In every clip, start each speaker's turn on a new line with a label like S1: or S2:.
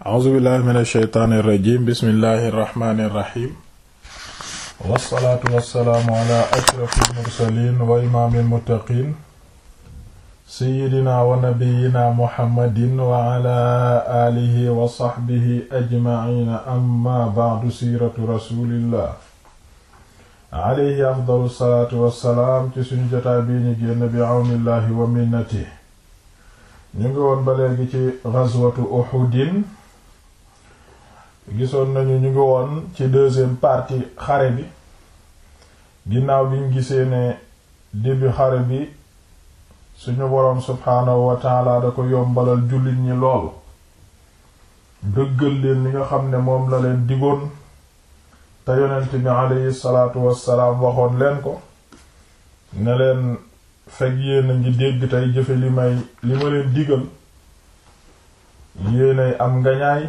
S1: a'uuzubillahi mina shaytaani rajiim bismillahi rahmaani rahiim wassalaatu wassalaamu ala ashrafil mursaliin wa imaamil muttaqiin sayyidinaa wa nabiyyinaa muhammadin wa ala aalihi wa sahbihi ajma'iina amma ba'du siiratu rasuulillah alayhi afdalu salaatu wassalaam ci suñu jotaay bii ñu génn bi awnillahi wa minnatihi ñu ngi woon ba léegi ci ghazwatu uhudin gisoon nañu ñu ngi woon ci deuxième parti xare bi ginnaaw biñ gisee ne début xare bi suñu boroom subhaanahu wa da ko yombalal jullit ñi lool dëggal leen li nga xam ne moom la leen digoon te yonent bi aleyhi salaatu wassalaam waxoon leen ko ne leen fekk yéen ngi dégg tey jëfe li may li ma leen digal yéenay am ngañaay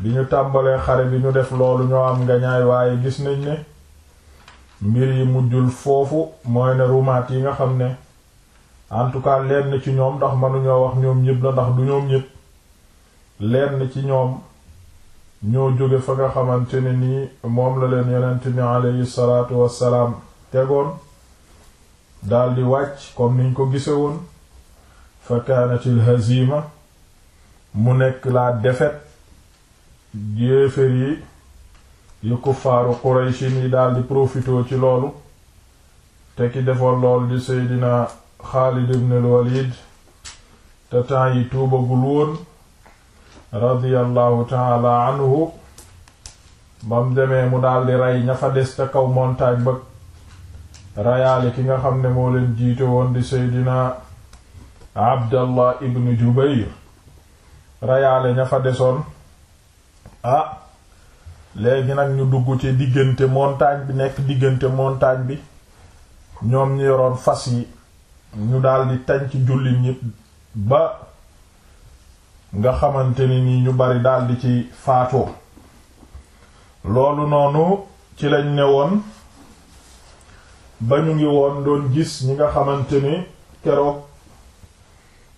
S1: bi ñu tàmbalee xare bi ñu def loolu ñoo am ngañaay waaye gis nañ ne mbir yi mujjul foofu mooy ne rumaat yi nga xam ne en tout cas lenn ci ñoom ndax mënuñoo wax ñoom ñépp la ndax du ñoom ñépp lenn ci ñoom ñoo jóge fa nga xamante ne nii moom la leen yonent bi aleyhi salaatu wassalaam tegoon daldi wàcc comme niñ ko gise woon fa kaanatil hazima mu nekk la défaite yéeféer yi yu kuffaaru quraychin yi daldi profitoo ci loolu te ki defoon lool di seydina xaalid ibn al walid te temps yi tuubagul woon radiyallahu taala anhu bam demee mu daldi rey ña fa des ca kaw montagne ba rayaali ki nga xam ne moo leen jiite woon di seydina abdallah ibn jubayr rayaale ña fa desoon ah léegi nag ñu dugg ci diggante montagne bi nekk diggante montagne bi ñoom ñu yoroon fas yi ñu daldi tañ ci jullit ñi ba nga xamante ni nii ñu bari daldi ci faatoo loolu noonu ci lañ ne woon ba ñu ngi woon doon gis ñi nga xamante ni keroog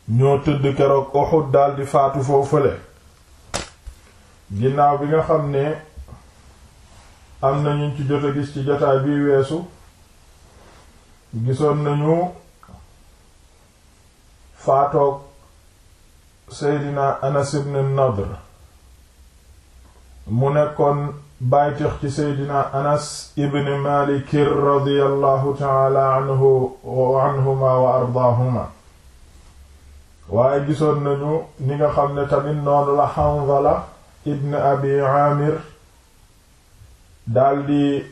S1: ñoo tëdd keroog Uhud daldi faatu foofale ginnaaw bi nga xam ne am na ñu ci jot a gis ci jotaay bi weesu gisoon nañu faatoog Seydina Anas ibn Nadr mu nekkoon baytix ci Seydina Anas ibn Malik radiyallahu ta'ala anhu wa ardaahuma waaye gisoon nañu ni nga xam ne tamit noonu la Hanzala ibn abi amir daldi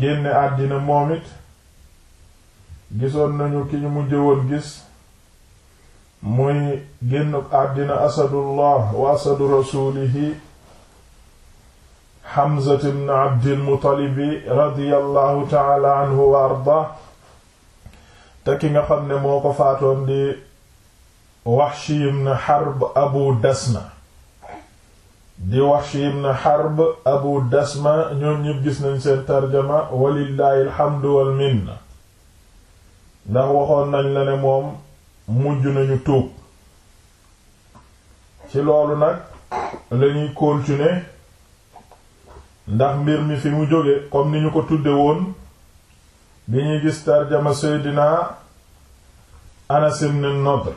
S1: génne àddina moom it gisoon nañu ki ñu mujj woon gis muy génn àddina asadullah wa asadu rasulihi Hamza ibn Abdil Muttalibi radiyallahu taala anhu wa arda te ki nga ne moo ko di Wahshi ibn Harb Abu Dasma di Wahshi ibn Harb Abu Dasma ñoom ñépp gis nañ seen tarjama walillahi alhamdu wal minna ndax waxoon nañ la ne moom mujj nañu tuub ci loolu nag lañuy continuer ndax mbir mi fi mu jóge comme ni ñu ko tudde woon bi ñuy gis tarjama Seydina Anas ibn Nadr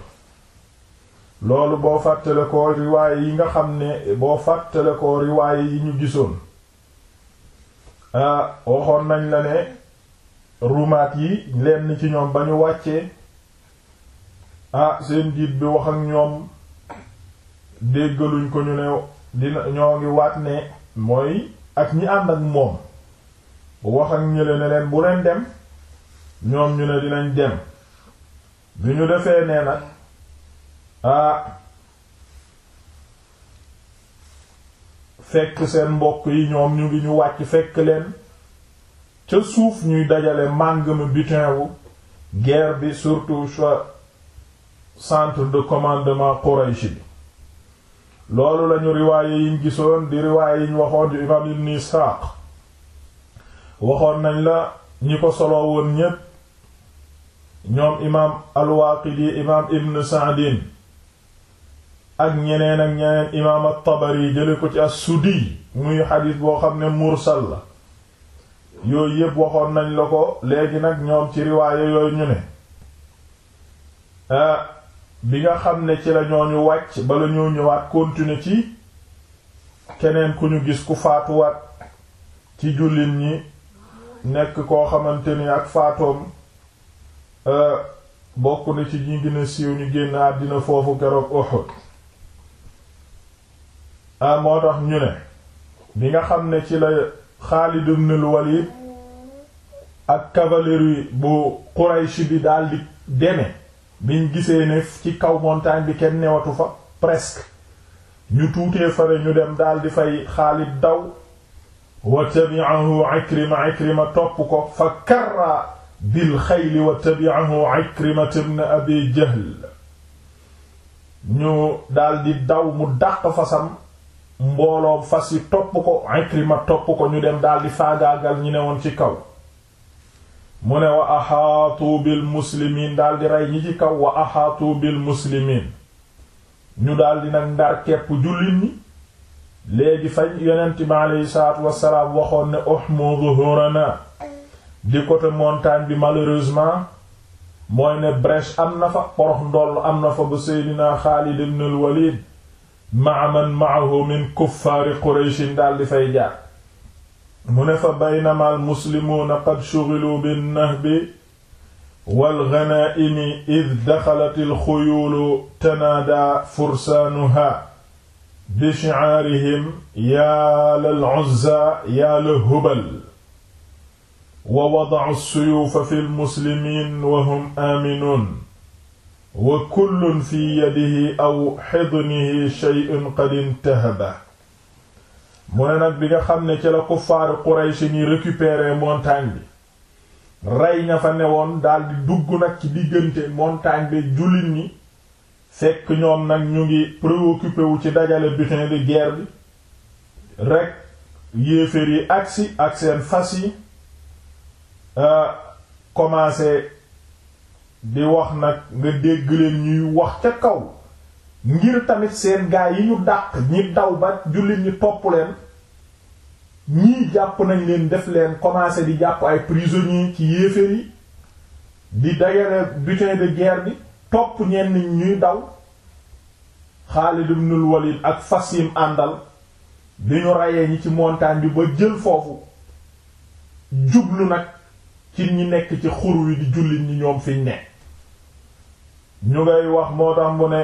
S1: loolu boo fàttale ko riwaaye yi nga xam ne boo fàttale ko riwaaye yi ñu gisoon ah waxoon nañ la ne rumaat yi lenn ci ñoom ba ñu wàccee ah seen diit bi wax ak ñoom déggaluñ ko ñu ne dina ñoo ngi waat ne mooy ak ñi ànd ak moom wax ak ñële ne leen bu leen dem ñoom ñu ne dinañ dem bi ñu defee nee na ah fekk seen mbokk yi ñoom ñu ngi ñu wàcc fekk leen ca suuf ñuy dajale màngama butin wu guerre bi surtout ca centre de commandement Quraysh bi loolu lañu riwaaye yiñ gisoon di riwaaye yiñ waxoon yu imam ibn Isaaq waxoon nañ la ñi ko soloo woon ñépp ñoom imam al-Waaqidi imam ibn Sa'din ak ñeneen ak ñeneen imaam at-Tabari jële ko ci as-Suddi muy xadiis boo xam ne mursal la yooyu yépp waxoon nañ la ko léegi nag ñoom ci riwaaye yooyu ñu ne ah, bi nga xam ne ci la ñooñu wàcc bala ñoo ñëwaat continuer ci keneen ku ñu gis ku faatuwaat ci jullit ñi nekk koo xamante ni ak faatoom ah, bokk na ci ñi gën a siiw ñu génn àddina foofu keroog Uhud Ah, moo tax ñu ne bi nga xam ne ci la Xaalid ibn al ak cavalerie bu Quraysh bi daldi deme biñ gisee ne ci kaw montagne bi kenn newatu fa presque ñu tuutee fare ñu dem daldi fay Xaalid daw wa tabi'ahu Ikrima Ikrima topp ko fa karra bil xayli wa tabi'ahu Ikrima ibn Abi Jahl ñu daldi daw mu dàq fasam mbooloo fas yi topp ko Ikrima topp ko ñu dem daldi faagaagal ñi ne woon ci kaw mu ne wa axaatu bil muslimiin daldi rey ñi ci kaw wa axaatu muslimiin ñu daldi nag ndar kepp jullit ñi léegi fa yonent bi aleyhi salaatu wassalaam waxoon ne uhmu zuhurana di côté montagne bi maleureusement mooy ne brèche am na fa porox ndoll am na fa ba Seydina Xaalid ibn al maaman maahu min kuffaari qurayshin daal di fay jaar mu ne fa baynama almuslimuuna qad shughiluu binnahbi walghanaa'imi id daxalat alxuyuulu tanaadaa fursaanuhaa bi shi'aarihim yaa lal uzzaa yaa la hubal wa wada'u as-suyuufa fi almuslimiin wa hum aaminuun wa kullun fi yadihi aw xidnihi shay'un qad intahaba mu ne nag bi nga xam ne ci la kuffaaru Quraysh ni récupérer montagne bi rey ña fa newoon daldi dugg nag ci diggante montagne bi jullit ñi fekk ñoom nag ñu ngi préoccupé ci dajale butin de guerre bi rek yéeféer yi agsi ak seen fas yi euh, commencé di wax nag nga dégg leen ñuy wax ca kaw ngir tamit seen gaa yi ñu dàq ñi daw ba jullit ñi topp leen ñii jàpp nañ leen def leen commencé di jàpp ay prisonniers ci yéeféer yi di dajale butin de guerre bi topp ñenn ñuy daw Xaalid ibnul Walid ak fas yim àndal bi ñu rayee ñi ci montagne bi ba jël foofu jublu nag ci ñi nekk ci xur wi di jullit ñi ñoom fiñ ne ñu ngay wax moo tax mu ne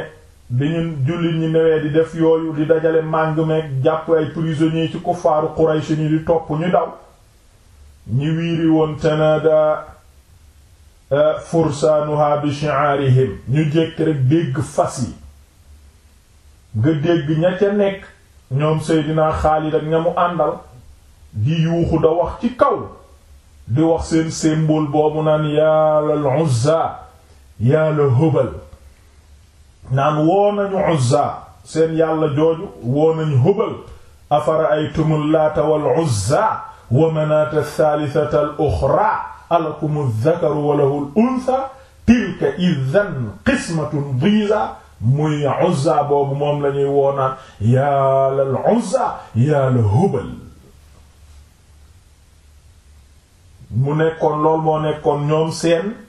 S1: bi ñu jullit ñi newee di def yooyu di dajale màng meeg jàpp ay prisonniers ci kuffaaru Quraysh ñi di topp ñu daw ñi wiiri woon Tanaada euh, fursaanuha bi shi'aarihim ñu jekk rek dégg fas yi nga dégg ña ca nekk ñoom Seydina Xaalid ak ña mu àndal di yuuxu da wax ci kaw di wax seen symbole boobu naan yàlla al-Uzza yaa la hubal naan woo nañu uzza seen yàlla jooju woo nañu hubal afara aytumul laata wal uzza wa manaata thalithata al uxra alakumu dhakaru wa lahul untha tilka idhan qismatun dhiza muy uzza boobu moom lañuy woo naan yaa la uzza yaa la hubal mu nekkoon lool moo nekkoon ñoom seen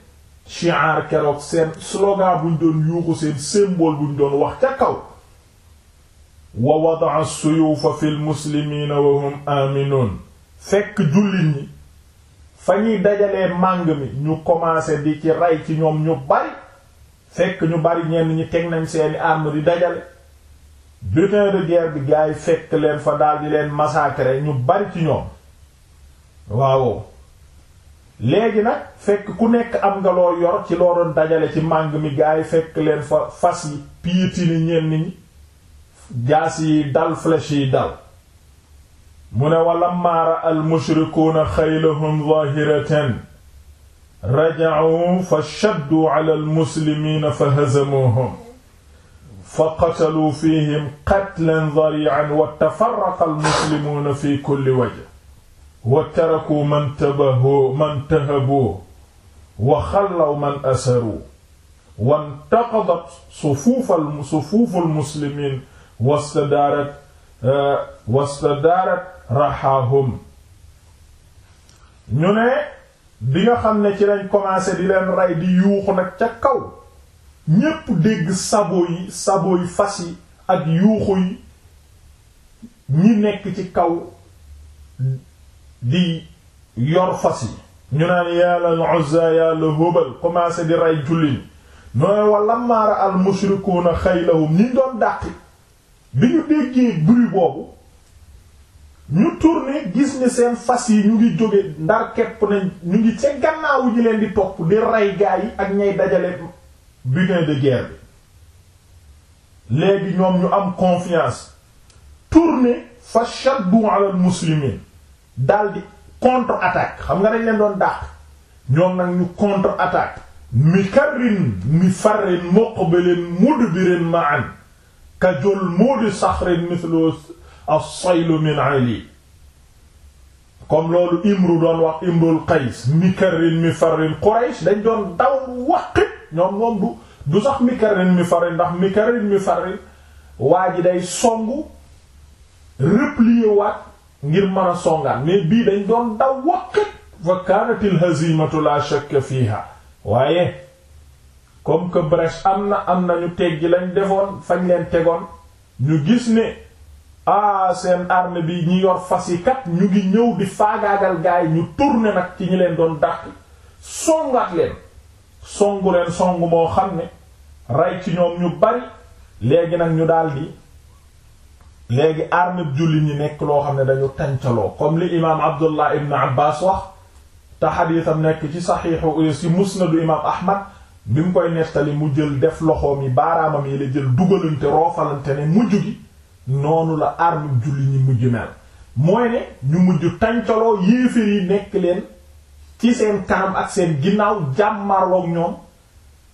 S1: shi'ar keroog seen slogan buñ doon yuuxu seen bu buñ doon wax ca kaw wa wada'a as-suyufa fil muslimina wa hum aminun fekk jullit ñi fa ñuy dajalee màng mi ñu commencé di ci rey ci ñoom ñu bari fekk ñu bari ñenn ñi teg nañ seeni arme di dajale butin de bi gaay fekk leen fa daal di leen massacrer ñu bari ci ñoom waaw léegi nag fekk ku nekk am nga loo yor ci loo dajale ci màng mi gaa yi fekk leen fa fas yi piiti ni ñenn ñi yi dal flèche yi dal mu ne wala maara al mushrikuuna xaylahum zahiratan raja'u fa shaddu fa hazamuhum fa qatalu fihim wa tafarraqa al fi kulli wajh wa taraku man tabahu man tahabu wa xallaw man asaru wantaqadat sufuufal sufuuful muslimiin wastadaarat eh, wastadaarat raxaahum ñu ne bi nga xam ne ci lañ commencé di leen rey di yuuxu nag ca kaw ñépp dégg sabo yi sabo fas yi ak yuuxu yi ñi nekk ci kaw di yor fas yi ñu naan yàlla al Uzza yàlla Hubal commencé di ray julliñ nooy wa lammaa ra'a al mushrikuuna xaylahum ñi doon dàqi bi ñu déggee bruit boobu ñu tourné gis ni seen fas yi ñu ngi jóge ndar kepp nañ ñu ngi ca gannaawu ji leen di topp di rey gaa yi ak ñay dajale butin de guerre bi léegi ñoom ñu am confiance tourné fa shaddu ala al muslimiin daal di contre-attaque xam nga dañ leen doon dàq ñoom nag ñu contre-attaque mi karrin mi farrin muqbilin mudbirin ma'an ka jol moodi saxrin mithlu as min ali comme loolu imru doon wax imrul qays mi karrin mi farrin quraysh dañ doon daw waqit ñoom moom du du sax mi karrin mi farrin ndax mi karrin mi farrin waa ji day songu replier waat ngir mën a songaan mais bii dañ doon daw waqat fa kaanatil hazimatu la shakka fiha waaye comme que brèche am na am na ñu teggi lañ defoon fañ leen tegoon ñu gis ne ah seen arme bi ñi yor fas yi kat ñu ngi ñëw di faagaagal gaay ñu tourner nag ci ñi leen doon dàq songaat leen songu leen songu moo xam ne rey ci ñoom ñu bari léegi nag ñu daldi léegi armée julli ñi nekk loo xam ne dañu tàncaloo comme li imaam abdullah ibn abbas wax te xadiisam nekk ci saxiixu ci musnadu imaam ahmad bi mu koy nettali mu jël def loxoom yi baaraamam yi la jël dugalante roofalante ne mujj gi noonu la armée julli ñi mujj mel mooy ne ñu mujj tàncaloo yéeféer yi nekk leen ci seen kanam ak seen ginnaaw jàmmarloog ñoom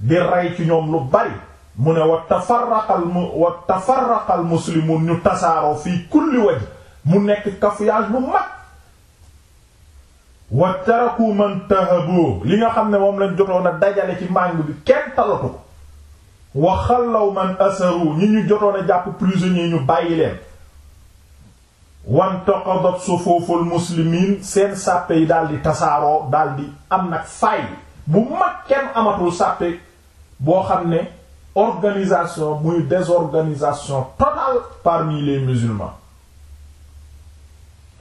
S1: di rey ci ñoom lu bari mu ne wa tafarraqal mu wa tafarraqal muslimun ñu tasaaroo fii kulli waj mu nekk cafouillage bu mag wa taraku man tahabu li nga xam ne moom lañ jotoon a dajale ci màng bi kenn talatu ko wa xallaw man asaru ñi ñu jotoon a jàpp prisonnier ñu bàyyi leen wantaqadat sufuful muslimin seen sàppe yi daal di tasaaroo daal di am nag faay bu mag kenn amatul sàppe boo xam ne organisation muy désorganisation totale parmi les musulmans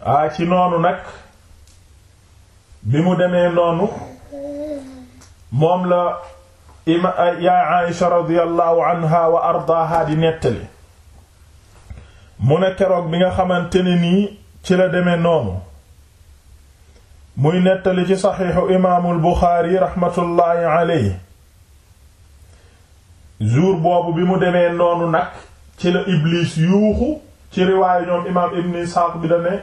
S1: ah ci noonu nag bi mu demee noonu moom la ima yaa Aïsha radiyallahu anha wa ardaaha di nettali mu ne teroog bi nga xamante ne nii ci la demee noonu muy nettali ci saxiixu imaamul Buxaari raxmatullaahi alayhi jour boobu bi mu demee noonu nag ci la Iblis yuuxu ci riwaayu ñoom imaam Ibn Isxaaq bi da ne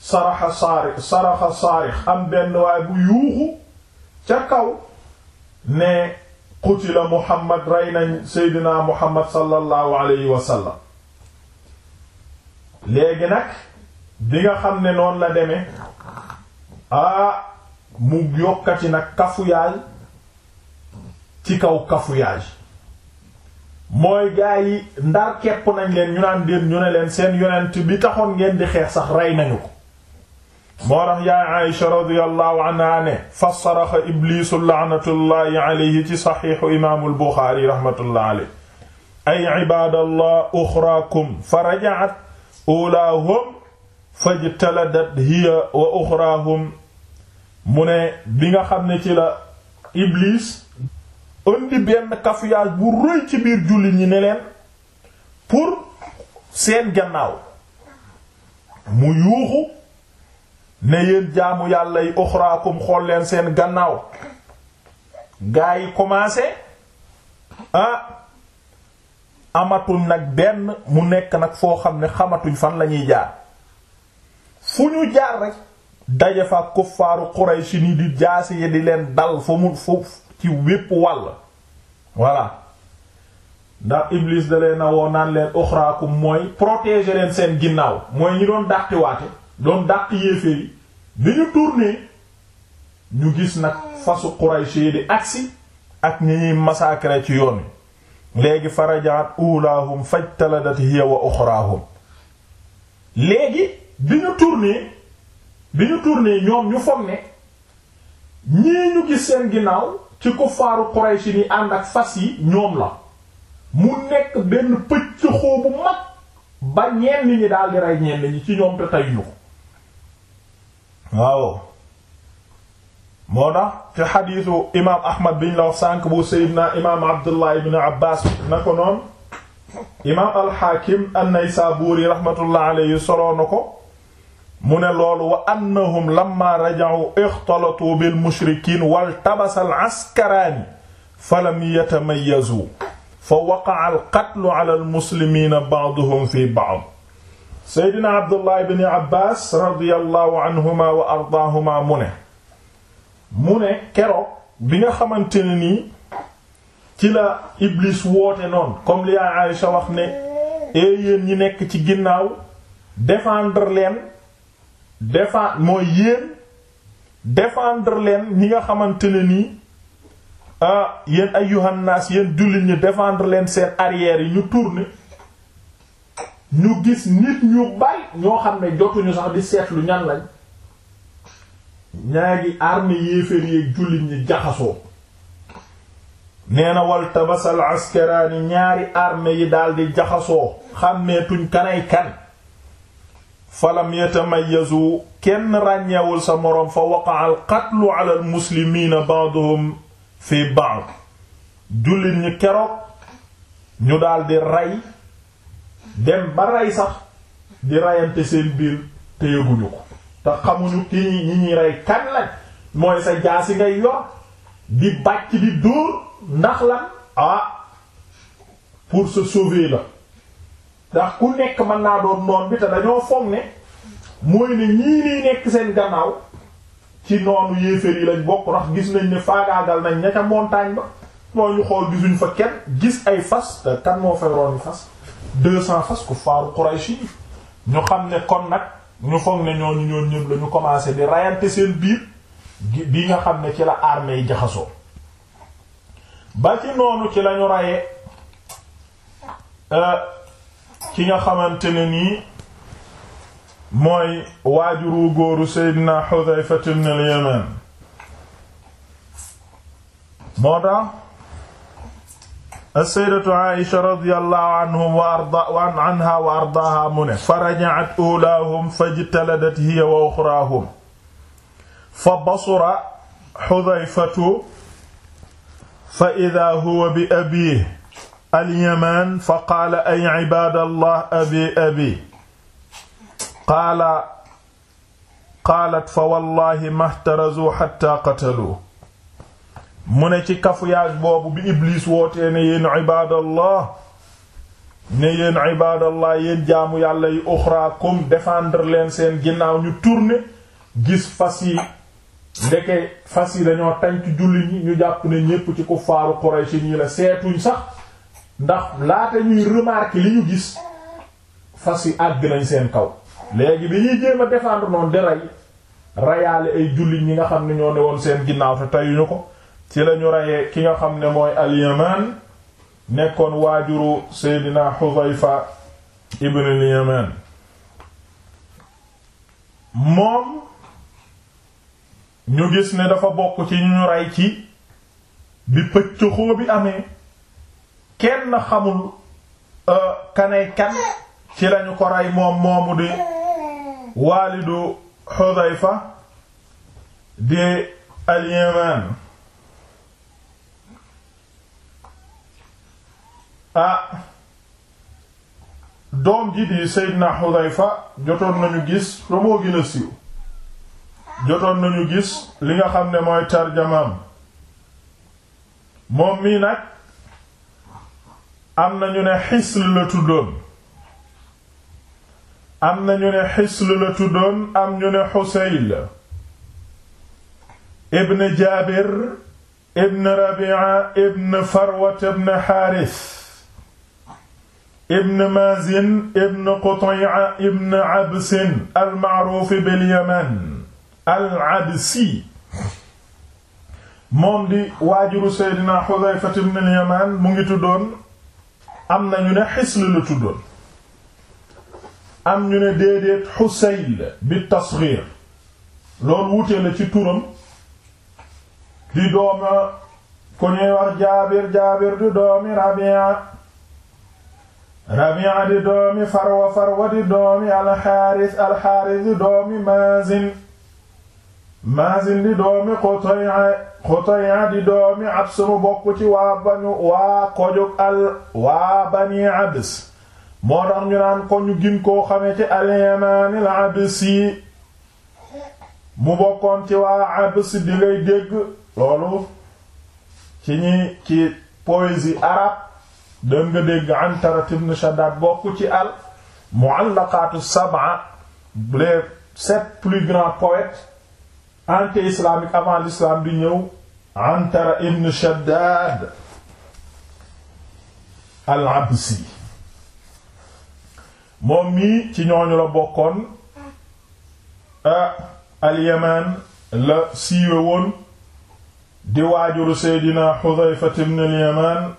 S1: saraxa saarix saraxa saarix am benn waaye bu yuuxu ca kaw ne qutila Muhammad rey nañ Seydina Muhammad sallallahu alayhi wa léegi nag bi nga xam ne noonu la deme aa mu yokkati nag kafuyaay ci kaw kafuyaay mooy gaa yi ndar kepp nañ leen ñu naan déen ñu ne leen seen yonent bi taxoon ngeen di xeex sax rey nañu ko moo tax yaay Aïsha radiyallahu anha ne fa saraxa ibliisu laanatullahi alayhi ci saxiixu imaamul Buxaari rahmatullahi alayhi ay ibaadallah uxraakum fa rajaat fajtaladat hiya wa uxraahum mu bi nga xam ne ci la ibliis indi benn cafouillage bu rëy ci biir jullit ñi ne leen pour seen gannaaw mu yuuxu ne yéen jaamu yàlla yi uxraakum xool leen seen gannaaw gaa yi commencé ah amatuñ nag benn mu nekk nag foo xam ne xamatuñ fan lañuy jaar fu ñu jaar rek daje fa kuffaaru Quraysh ni di jaasi yi di leen dal fu mu fu ci wépp wàll voilà ndax Iblis da leen a woo naan leen uxraakum mooy protéger leen seen ginnaaw mooy ñi doon dàqiwaate doon dàq yéefee yi bi ñu tourné ñu gis nag fasu Quraysh yi di agsi ak ñi ñuy massacrer ci yoon wi léegi farajaat ulaahum fajtaladat hiya wa uxraahum léegi bi ñu tourné bi ñu tourné ñoom ñu foog ñii ñu gis seen ginnaaw ci kuffaaru Quraysh ni ànd ak fas yi ñoom la mu nekk benn pëcc xoo mag ba ñenn daal di rey ñenn ci ñoom te tey ñu waaw moo tax ci xadiisu imaam Ahmad biñ la wax sànq bu Seydina imaam Abdullah ibn Abbas na ko noonu imaam al-Hakim an-Naysaburi rahmatullah alayhi soloo na ko. mu ne loolu wa annahum lamma raja'u ixtalatu bil mushrikiin wal tabasa al askaraani falam yatamayyazu fa waqa'a al qatlu ala al muslimiina ba'duhum fi ba'd seydina abdullah ibn abbas radiyallahu anhuma wa ardaahuma mu ne mu ne keroog bi nga xamante ne nii ci la iblis woote noonu comme li yaay Aïcha wax ne ee eh yéen ñi nekk ci ginnaaw défendre leen défend mooy yéen défendre leen ñi nga xamante ne nii ah yéen ay yohannas yéen jullit ñi défendre leen seen arrière yi ñu tourner ñu gis nit ñu bari ñoo xam ne jotuñu sax di seetlu ñan lañ ñaari ngi armée yéeféer yeeg jullit ñi jaxasoo nee na wal tabasal askaraani ñaari armee yi daldi jaxasoo xàmmeetuñ kanay kan falam yatamayyazu kenn ràññeewul sa moroom fa waqaa al qatlu ala al muslimiina fi ba'd jullit ñi keroog ñu daldi rey dem ba rey sax di reyante seen biir te yëguñu ko te xamuñu ki ñi ñuy rey kan lañ mooy sa jaasi ngay yor di bàcc di dóor ndax lan ah pour se sauver la ndax ku nekk mën naa doon noon bi te dañoo foog ne mooy ne ñii nii nekk seen gannaaw ci noonu yéeféer yi lañ bokk ndax gis nañ ne faagaagal nañ ña ca montagne ba mooy ñu xool gisuñ fa kenn gis ay fas te kan moo fay roon fas deux cents fas ku faaru Quraysh yi ñu xam ne kon nag ñu foog ne ñooñu ñoon ñëpp la ñu di rayante seen biir bi nga xam ne ci la armée yi jaxasoo ba ci noonu ci lañu raye euh, ki nga xamante ne nii mooy waajuru góoru Seydina Xudayfa ibn al-Yaman moo tax as-sayyidatu Aisha radiyallahu anhum wa arda anha wa ardaaha mu ne fa raja'at ulaahum fajtaladat hiya wa uxraahum fa basura Xudayfatu fa idaa huwa bi abiihi alyamaan fa qaala ay cibaadallah abi abi qaala qaalat fa wallahi mahtarazuu xatta qataluu mu ne ci kafuyaag boobu bi Iblis wootee ne yéen cibaadallah ne yéen cibaadallah yéen jaamu yàlla yi uxraakum défendre seen ginnaaw ñu tourner gis fas yi ndeke fas yi dañoo ñi ñu jàpp ne ñépp ci kuffaaru Quraysh ñi la seetuñ sax ndax laata ñuy remarque li ñu gis fas yi àgg nañ seen kaw léegi bi ñuy jéem a défendre noonu di ay jullit ñi nga xam ne ñoo ne woon seen ginnaaw te tayuñu ko ci la ñu reyee ki nga xam ne mooy al nekkoon waajuru Seydina Hudhayfa ibn al-Yaman moom ñu gis ne dafa bokk ci ñu rey ci bi pëcc xoo bi amee kenn xamul euh, kanay kan ci lañu ko rey moom moomu di waalidu Xudayfa di al-Yaman ah doom ji di Seydina Xudayfa jotoon nañu gis lu moo gën siiw jotoon nañu gis li nga xam ne mooy tarjamaam moom mii nag am na ñu ne xisl la tuddoon am na ñu ne xisl la tuddoon am ñu ne xuseyl ibn jaabir ibn rabia ibn farwat ibn xaaris ibn maazin ibn qutay'a ibn absin almaaruuf bil yaman al absi moom di waajuru seydina xudayfa ibn al yaman mu ngi tuddoon am na ñu ne xisl la tuddoon am ñu ne déedéet xusayl bi tasghir loolu wutee la ci turam di dooma ku ñuy wax jaabir jaabir di doomi rabia rabia di doomi farwa farwa di doomi alxaaris di doomi maazin Maazin di doomi Qutay'a Qutay'a di doomi Abs mu bokk ci waa banu waa kojuk al waa bani ko ñu ci Absi mu bokkoon ci waa Abs di ngay dégg loolu ci ñi ci poésie arabe dën nga dégg Antara ibn Shaddad bokk ci al Mu'allaqaatu sab'a les sept plus grands poètes anté islamique avant l'islam di ñëw ibn Shaddad al-Absi moom ci ñooñu la bokkoon a al-Yaman la siiwe di waajur Seydina Xudayfa ibn al-Yaman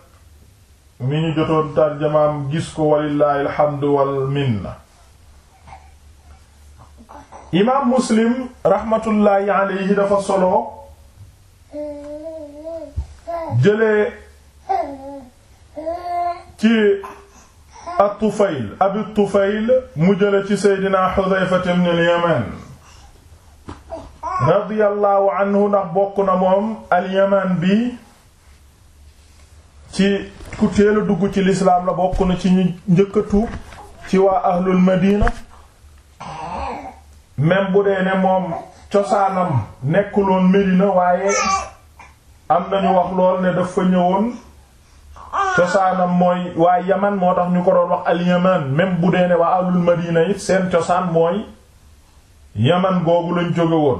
S1: mi ñu jotoon tarjamaam gis ko walillahi alhamdu wal minna imaam muslim raxmatullaahi alayhi dafa solo jëlee ci at-Tufayl Abi Tufayl mu jële ci Seydina Xudayfa ibn al-Yaman radiyallahu anhu ndax bokk na moom al-Yaman bi ci ku teelu dugg ci lislaam la bokk na ci ñu njëkk a tuub ci waa ahlul Madina même bu dee ne moom cosaanam nekkuloon Medina waaye am nañu wax lool ne dafa ñëwoon cosaanam mooy waa yaman moo tax ñu ko doon wax al yaman même bu dee ne waa ahlul Madina it seen cosaan mooy yaman googu lañ jóge woon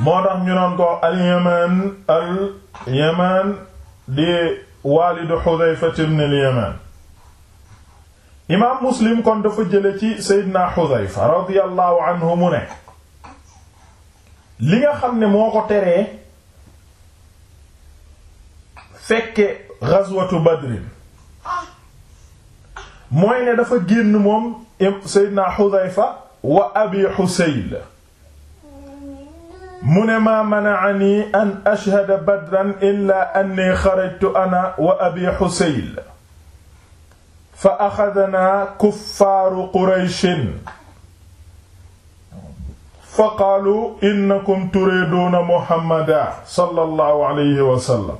S1: moo tax ñu doon al yaman al yaman di waalidu Hudhayfa ibn al yaman imaam muslim kon dafa jële ci seydina xudayfa radiyallahu anhu mu li nga xam ne moo ko teree fekke ghazwatu badrin mooy ne dafa génn moom seydina xudayfa wa abi xusayl mu ne maa mana'ani an ashhada badran illa anni xarajtu ana wa abi xusayl fa axadanaa kuffaaru qurayshin fa qaalu innakum turiduuna muhammada sallallahu alayhi wa sallam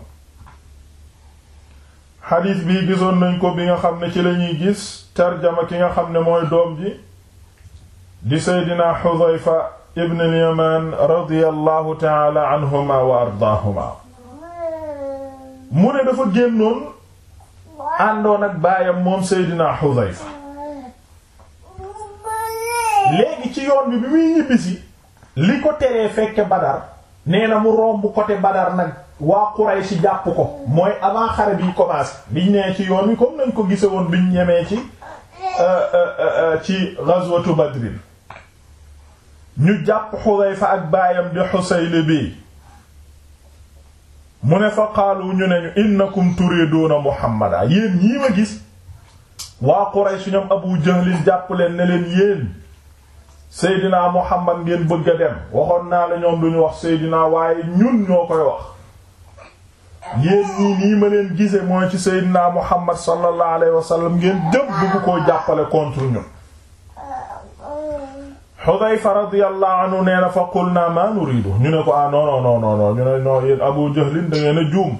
S1: xadiis bii gisoon nañ ko bi nga xam ne ci lañuy gis tarjama ki nga xam ne mooy doom ji di seydina xudayfa ibn al-yamaan radiyallahu taala anhuma wa ardaahuma mu ne dafa génnoon àndoon ak baayam moom Seydina Xudayfa léegi ci yoon bi bi muy ñibbisi li ko teree fekk Badar nee na mu romb côté Badar nag waa Quraysh jàpp ko mooy avant xare biy commencé biñ nee ci yoon wi comme nañ ko gise woon biñ ñemee ci euh, euh, euh, ci ghazwatu Badr ñu jàpp Xudayfa ak baayam di Xusayl bi mu ne fa qaalu ñu ne ñu innakum turiduuna muhammadaa yéen ñii ma gis waa Quraysh ñoom Abu Jahlin jàpp leen ne leen yéen Seydina Muhammad ngeen bëgg a dem waxoon naa la ñoom duñu wax Seydina waaye ñun ñoo koy wax yéen ñii nii ma leen gise mooy ci Seydina Muhammad sallallahu alayhi wa sallam ngeen jëm bëgg koo jàppale contre ñun Xudayfa radiyallahu anhu nee na fa qulna ma nuridu ñu ne ko ah non non non non ñu ne non yéen Abu Jahlin da ngeen a juum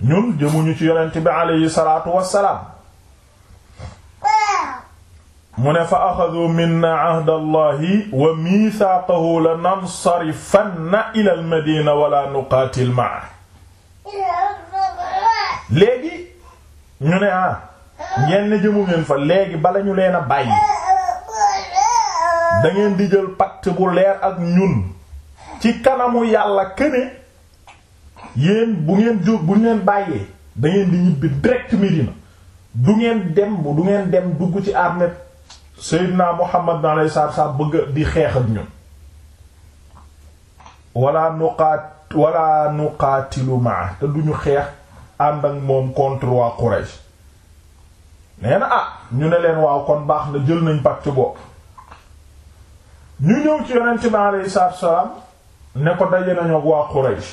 S1: ñun jëmuñu ci yonent bi aleyhi salaatu wassalaam mu ne fa axadu minna ahda allahi wa miisaaqahu la nansarifanna ila al madina wala nuqaatil maa léegi ñu ne ah ngeen jëmu ngeen fa léegi bala ñu leen a bàyyi da ngeen di jël pacte bu leer ak ñun ci kanamu yàlla këne yéen bu ngeen jur bu ngeen bàyyee da di ñibbi direct Medina du ngeen dem du ngeen dem dugg ci armée Seydina Muhammad na alei satu salaam bëgg di xeex ak ñun wala nuqaat nuqaatilu maa te duñu xeex ànd ak moom contre waa Quraysh nee na ah, ñu ne leen waaw kon baax na jël nañ pacte boobu ñu ñëw ci yonent bi salaam ne ko daje nañu ak waa Quraysh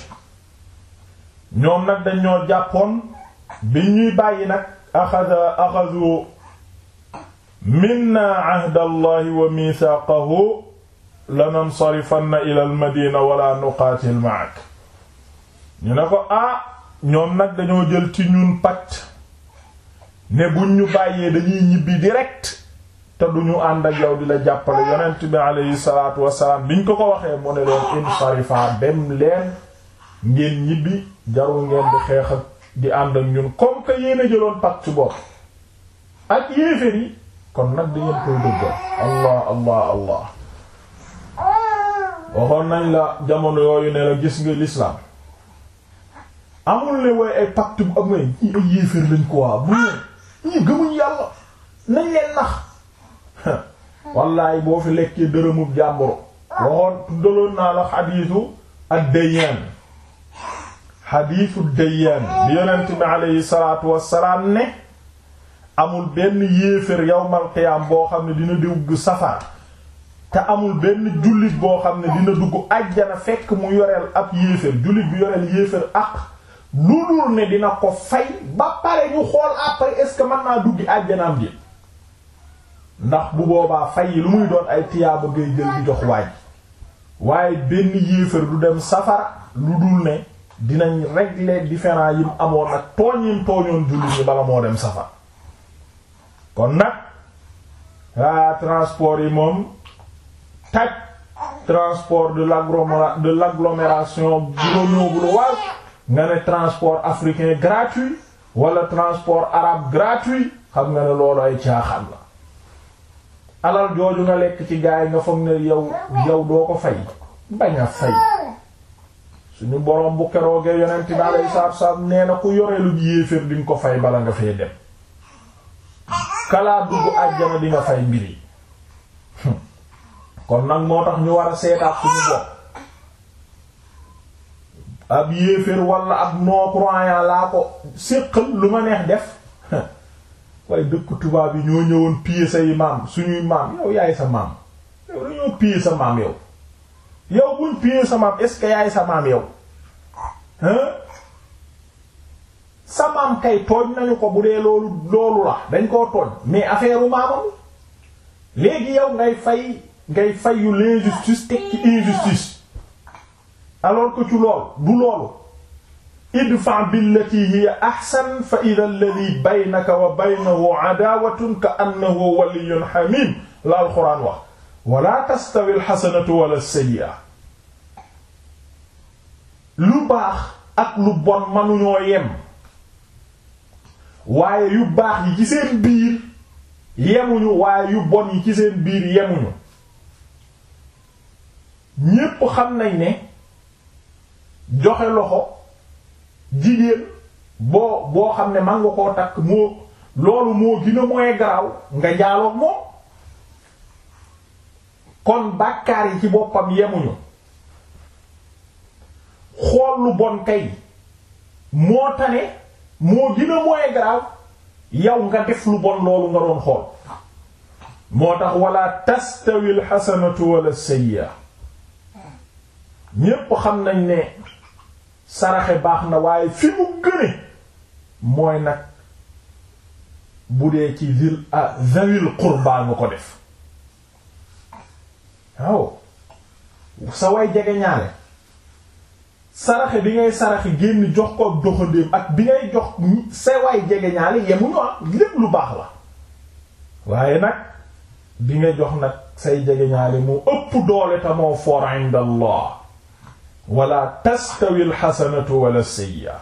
S1: ñoom nag dañ ñoo jàppoon bi ñuy bàyyi nag axada axadu minna ahdallahi wa misaaqahu lanansarifanna ila almadina wala nuqaatil ma'ak ñu ne ko ah ñoom nag dañoo jël ci ñun pacte ne buñ ñu bàyyee dañuy ñibbi direct te duñu ñu ànd ak yow di la jàppale yonent bi alayhi salaatu wasalaam biñ ko ko waxee mu ne leen insarifa dem leen ngeen ñibbi jarul ngeen di xeex ak di ànd ak ñun comme que yéen jëloon pacte bopp ak yéeféer yi kon nag di ngeen koy dëggal allah allah allah waxoon nañ la jamono yooyu ne la gis nga l'islam amul ne way ay pacte bu am ay yéeféer lañ ko waa bu ñu ñi gëmuñ yàlla nañ leen nax wallaay boo fi lekkee dërëmub jàmbur waxoon tuddaloon naa la xadiisu ad-dayyaan xadiisu ad yonent bi aleyhi salaatu wassalaam ne amul benn yéefér yawmal qiyaam boo xam ne dina dugg safar te amul benn jullit boo xam ne dina dugg ajjana fekk mu yoreel ab yéefér jullit bi yoreel yéefér ak lu dul ne dina ko fay ba pare ñu xool après est-ce que naa duggi ajjanaam ji ndax bu boobaa fay lu muy doon ay tiyaaba ngay jël di jox waaj waaye benn yéefar du dem safara lu dul ne dinañ régler différend yim amoon ak tooñ yim tooñoon jullit ñi bala moo dem safara kon nag waa ah, transport yi moom taj transport de l'agglomération de l'agglomération boulogno nga ne transport africain gratuit wala transport arabe gratuit xam nga ne loolu ay caaxaan la alal jooju nga lekk ci gaay nga foog ne yow yow doo ko fay bañ a fay suñu borom bu keroogee yonent bi aleyhi salaatu salaam nee ku yore yéeféer di ko fay bala nga fee dem kalaa dugg àjjana di nga fay mbir yi kon nag moo tax ñu war a seetaat suñu bopp ab yéeféer wala ab non croyant laa ko séqam lu ma neex def waaye dëkk tubaab yi ñoo ñëwoon piller say maam suñuy maam yow yaay sa maam yow dañoo piller sa maam yow buñ piller sa maam est yaay sa maam yow hein sa maam kay tooñ nañu ko bu dee loolu loolu la dañ koo tooñ mais affaire u maamam léegi yow ngay fay ngay fayu l'injustice teg ci injustice alors que ci lool du loolu idfa billati hiya ahsan fa idha alladhi baynaka wa baynahu adaawatun ka annahu waliyyun hamim la alquran wax wala tastawi alxasanatu wala sayyi'a lu baax ak lu bon mënuñoo yem waaye yu baax yi ci seen biir yemuñu waaye yu bon yi ci seen biir yemuñu ñépp xam nañ ne joxe loxo jigéen boo boo xam ne man nga koo takk moo loolu moo gën mooy garaaw nga njaaloog moom kon bàkkaar yi ci boppam yemuñu xool lu bon kay moo tane moo gën a mooy garaaw yow nga def lu bon loolu nga doon xool moo tax wala tastawil xasanatu wala sayyi'a ñépp xam nañ ne saraxe baax na waaye fi mu gëne mooy nag bu dee ci zil a ah, zawil qurba nga ko def waaw sa way jege ñaale saraxe bi ngay saraxe génn jox ko doxandéem ak bi ngay jox sa way jege ñaale yemuñu am ah, lépp lu baax la waaye nag bi nga jox nag say jege mu moo ëpp doole ta moo for indallah wala tastawi alxasanatu wala sayyi'a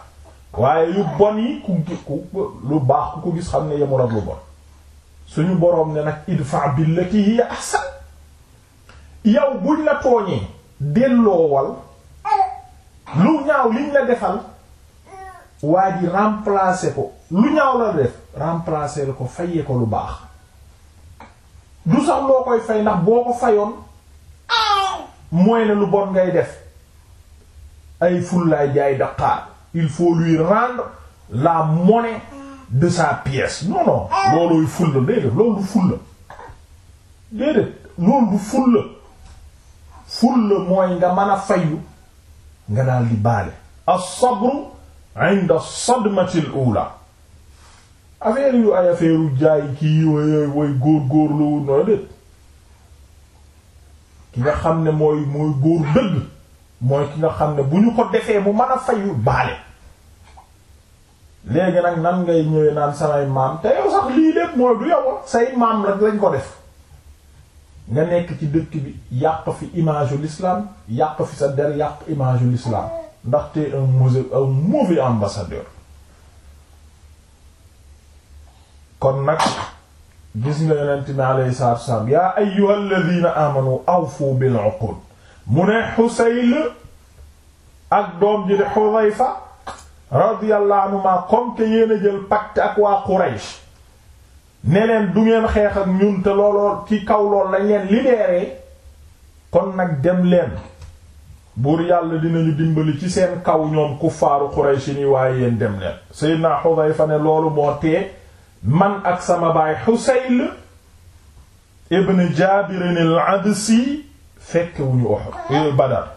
S1: waaye yu bon yi ku ku lu baax ku ko gis xam ne yemul ak lu bon suñu boroom ne nag idfa billati hiya ahsan yow buñ la tooñee delloowal lu ñaaw liñ la defal waa ji remplacer ko lu ñaaw la def remplacer ko fayee ko lu baax du sax loo koy fay ndax boo ko fayoon mooy ne lu bon ngay def ay fullaay jaay daqaar il faut lui rendre la monnaie de sa pièce non loolooy fulla déedéet loolu fulla déedéet loolu fulla fulla mooy nga mën a fayu nga daal di baale as-sabru inda sadmati al-ula yu ay affaire yu jaay kii way way góor góor loolu noonu déet ki nga xam ne mooy mooy góor dëgg mooy ki nga xam ne bu ñu ko defee bu mën a fayu baale léegi nag nan ngay ñëwee naan samay maam te yow sax lii lépp mooy du yow ah, say maam rek lañ ko def nga nekk ci dëkk bi yàq fi image u yàq fi sa der yàq image u l'islam ndaxte un mauvais un mauvais ambassadeur kon nag gis nga yonent bi alayhi salaatu wa salaam yaa ayyuhal aw amanu awfu bil uqud mu ne Xusayl ak doom ji di Xudayfa radiyallahu anhuma comme que jël pacte ak waa Quraysh ne du ngeen xeex ak ñun te looloo ci kaw lool lañ leen libéré kon nag dem leen buur yàlla dinañu dimbali ci seen kaw ñoom kuffaaru Quraysh ni waaye yéen dem leen Seydina Xudayfa ne loolu moo tee man ak sama baay Xusayl ibn Jaabir al-Absi fekkewuñu Uhud Badar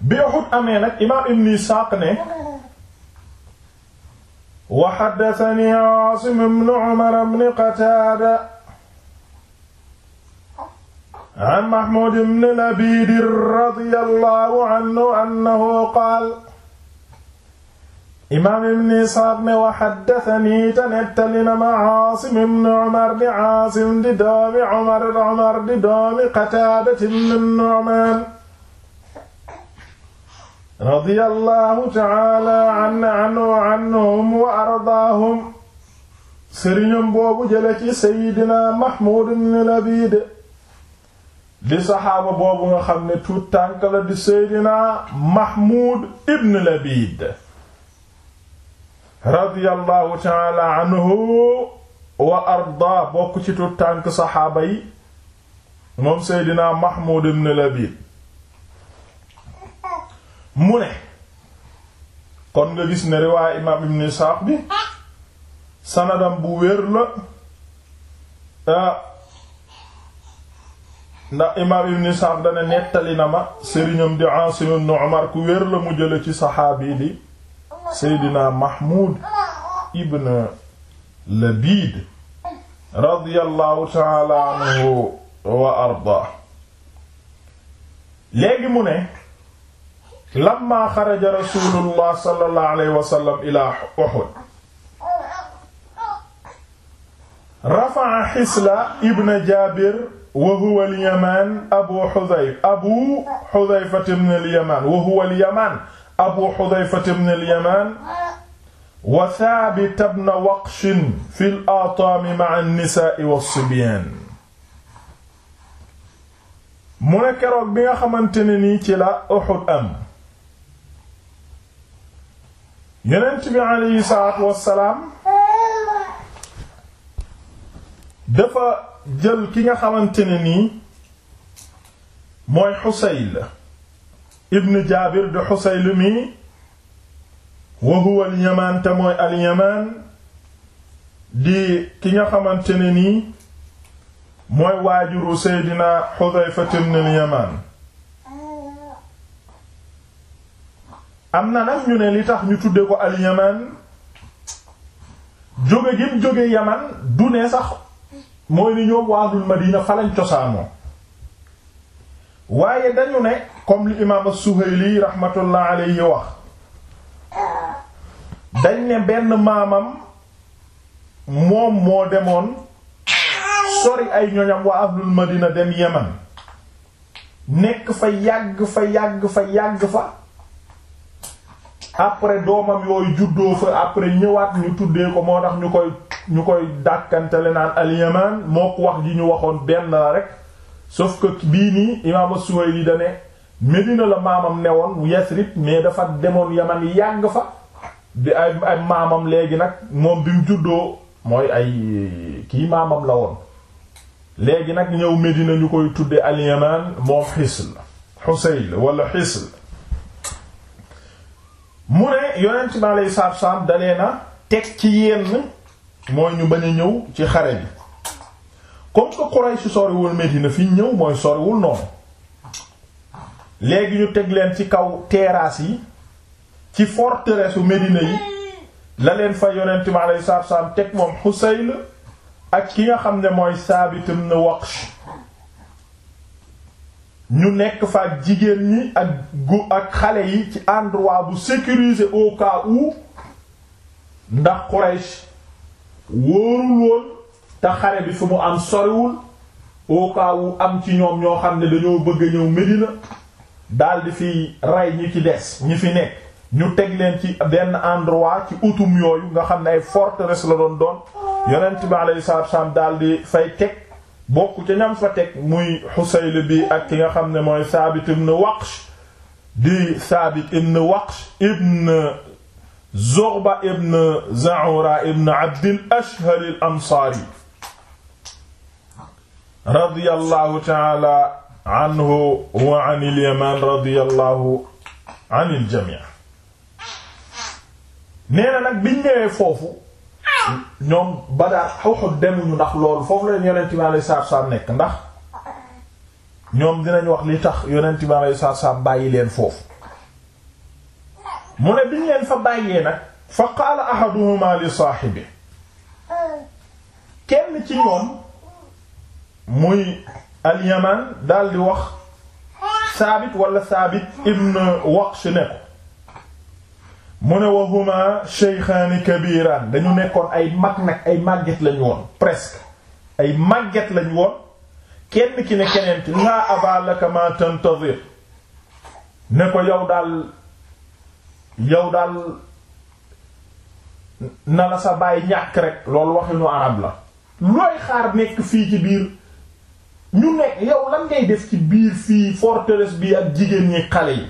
S1: bi Uhud amee nag imaam Ibn Isaaq ne wa haddathani Aasim ibn Umar ibn Qataada an Mahmuud ibn Labiid radiyallahu anhu annahu qaala imaam ibn Isxaaq ne wa haddathanii te nettali na ma Aasim ibn Umar di Aasim di doomi Umar Umar di doomi Qataada ibn Nu'maan radiyallahu ta'ala anhu anhum wa ardaahum sëriñam boobu jële ci Seydina Mahmuud ibn Labiid di saxaaba boobu nga xam ne tuut tànk la di Seydina Mahmuud ibn Labiid radiyallahu taala anhu wa arda bokk ci tu tànk saxaaba yi moom seydinaa mahmud ibn labid mu ne kon nga gis ne riwaaya imaam ibn isxaaq bi sanadam bu wér la ah, ndax imaam ibn isxaaq dana nettali na ma sëriñam di aasim ibn umar ku wér la mu jële ci saxaabi di seydina mahmud ibn labid radiyallahu taala anhu wa arda léegi mu ne lamma xaraja rasulullah sallallahu alayhi wa sallam ila uhud rafa'a xisla ibn jabir wa huwa al-yaman abu hudhayfa abu hudhayfa ibn al-yaman wa huwa al-yaman abu xudayfata bn alyamaan wa thabita bna waqshin fi l aataami ma annisaai walsibyaan mu ne keroog bi nga xamante ne nii ci la Uhud am yonent bi aleyhi salaatu wassalaam dafa jël ki nga xamante ne nii mooy Xusayl ibn jaabir di xusaylimi wa huwa alyamaan te mooy alyamaan di ki nga xamante ne nii mooy waajuru seydina xudayfat am na nag ñu ne li tax ñu tudde ko alyamaan jóge gim jóge yaman du ne sax mooy ni ñoom waatul madina falañ cosaanoo waaye dañu ne comme li imaam as-Suhayli rahmatullah alayhi wax dañ ne benn maamam moom moo demoon sori ay ñoñam waa ahlul madina dem Yemen nekk fa yàgg fa yàgg fa yàgg fa après doomam yooyu juddoo fa après ñëwaat ñu tuddee ko moo tax ñu koy ñu koy dàkkantele naan al-Yaman moo ko wax ji ñu waxoon benn la rek sauf que bii nii imaam as da ne Medina la maamam newoon Yasrib mais dafa demoon Yaman yàng fa bi ay ay maamam léegi nag moom bi mu juddoo mooy ay kii maamam la woon léegi nag ñëw Medina ñu koy tudde al-Yaman moom Hisl Husayl wala Hisl mu ne yonent bi aleyhi salaatu salaam dalee na teg ci yenn mooy ñu bañ a ñëw ci xare bi comme que Quraysh soriwul Medina fi ñëw mooy soriwul noonu léegi ñu teg leen ci kaw terrasse yi ci forteresse u Médina yi la leen fa yonent mi alayhi salaatu salaam teg moom Husayl ak ki nga xam ne mooy Saabit na Waqsh ñu nekk fa jigéen ñi ak gu ak xale yi ci endroit bu sécurisé au cas où ndax Quraysh wóorul woon te xale bi fu mu am soriwul au am ci ñoom ñoo xam ne dañoo bëgg ñëw Médina daal di fi rey ñi ci des ñi fi nekk ñu teg leen ci benn endroit ci utum yooyu nga xam ne ay forteresse la doon doon yonent bi alayhi salaatu wasallam daal di fay teg bokk ca ñam fa teg muy Xusayl bi ak ki nga xam ne mooy Saabit ibn Waqsh di Saabit ibn Waqsh ibn Zughba ibn Za'ura ibn Abdil Ashhal al-Ansaari radiyallahu ta'ala anhu wa an al-Yamaan radiyallahu nag biñ ñëwee foofu ñoom Badar dem demuñu ndax loolu foofu la leen yonent bi alayhi salaatu salaam nekk ndax ñoom dinañ wax li tax yonent bi alayhi salaatu salaam bàyyi leen foofu mu ne biñ leen fa bàyyee nag fa qaala ahaduhuma li saahibi kenn ci ñoom muy alyamaan daal di wax saabit wala saabit ibn waqsh ne ko mu ne wa huma shaykhaani kabiraan dañu nekkoon ay mag nag ay màgget lañu woon presque ay màgget lañu woon kenn ki ne keneen ki laa abaa laka ma ne ko yow daal yow daal na la sa bàyyi ñàkk rek loolu waxinu arab la looy xaar nekk fii ci biir ñu nekk yow lan ngay def ci biir fii forteresse bi ak jigéen ñi xale yi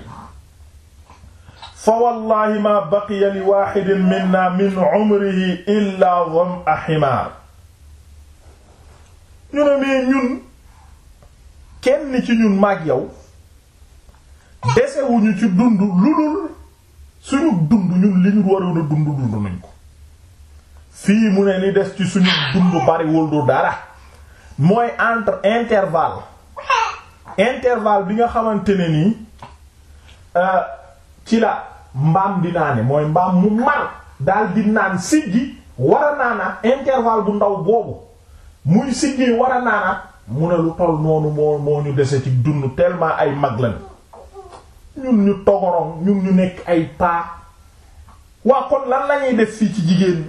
S1: fa wallahi ma baqiya li waxidin minna min umrihi illa dham a ximaar ñu ne mee ñun kenn ci ñun maag yow desewuñu ci dund lu dul suñu dund ñun li ñu waroon a dund dund nañ ko fii mu ne ni des ci suñu dund bariwul du dara mooy entre interval intervalle bi nga xamante ne nii euh, ci la mbaam di naane mooy mbaam mu mar daal di naan siggi war a naanaat intervalle bu ndaw boobu muy siggi war a naanaat mu ne lu toll noonu moo moo ñu dese ci dund tellement ay mag lañu ñun ñu togorong ñun ñu nekk ay paa waa kon lan lañuy def fii ci jigéen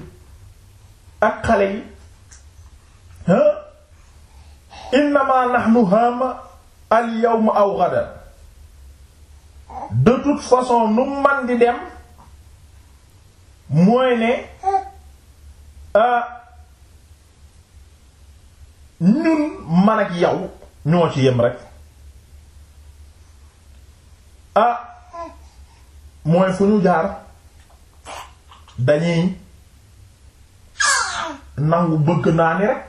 S1: ak xale yi hein innama nahnu hama al yawm aw ghadan de toute façon nu man di dem mooy ne euh, ñun man ak yow ñoo ci yem rek ah mooy fu ñu jaar dañuy nangu bëgg naa ni rek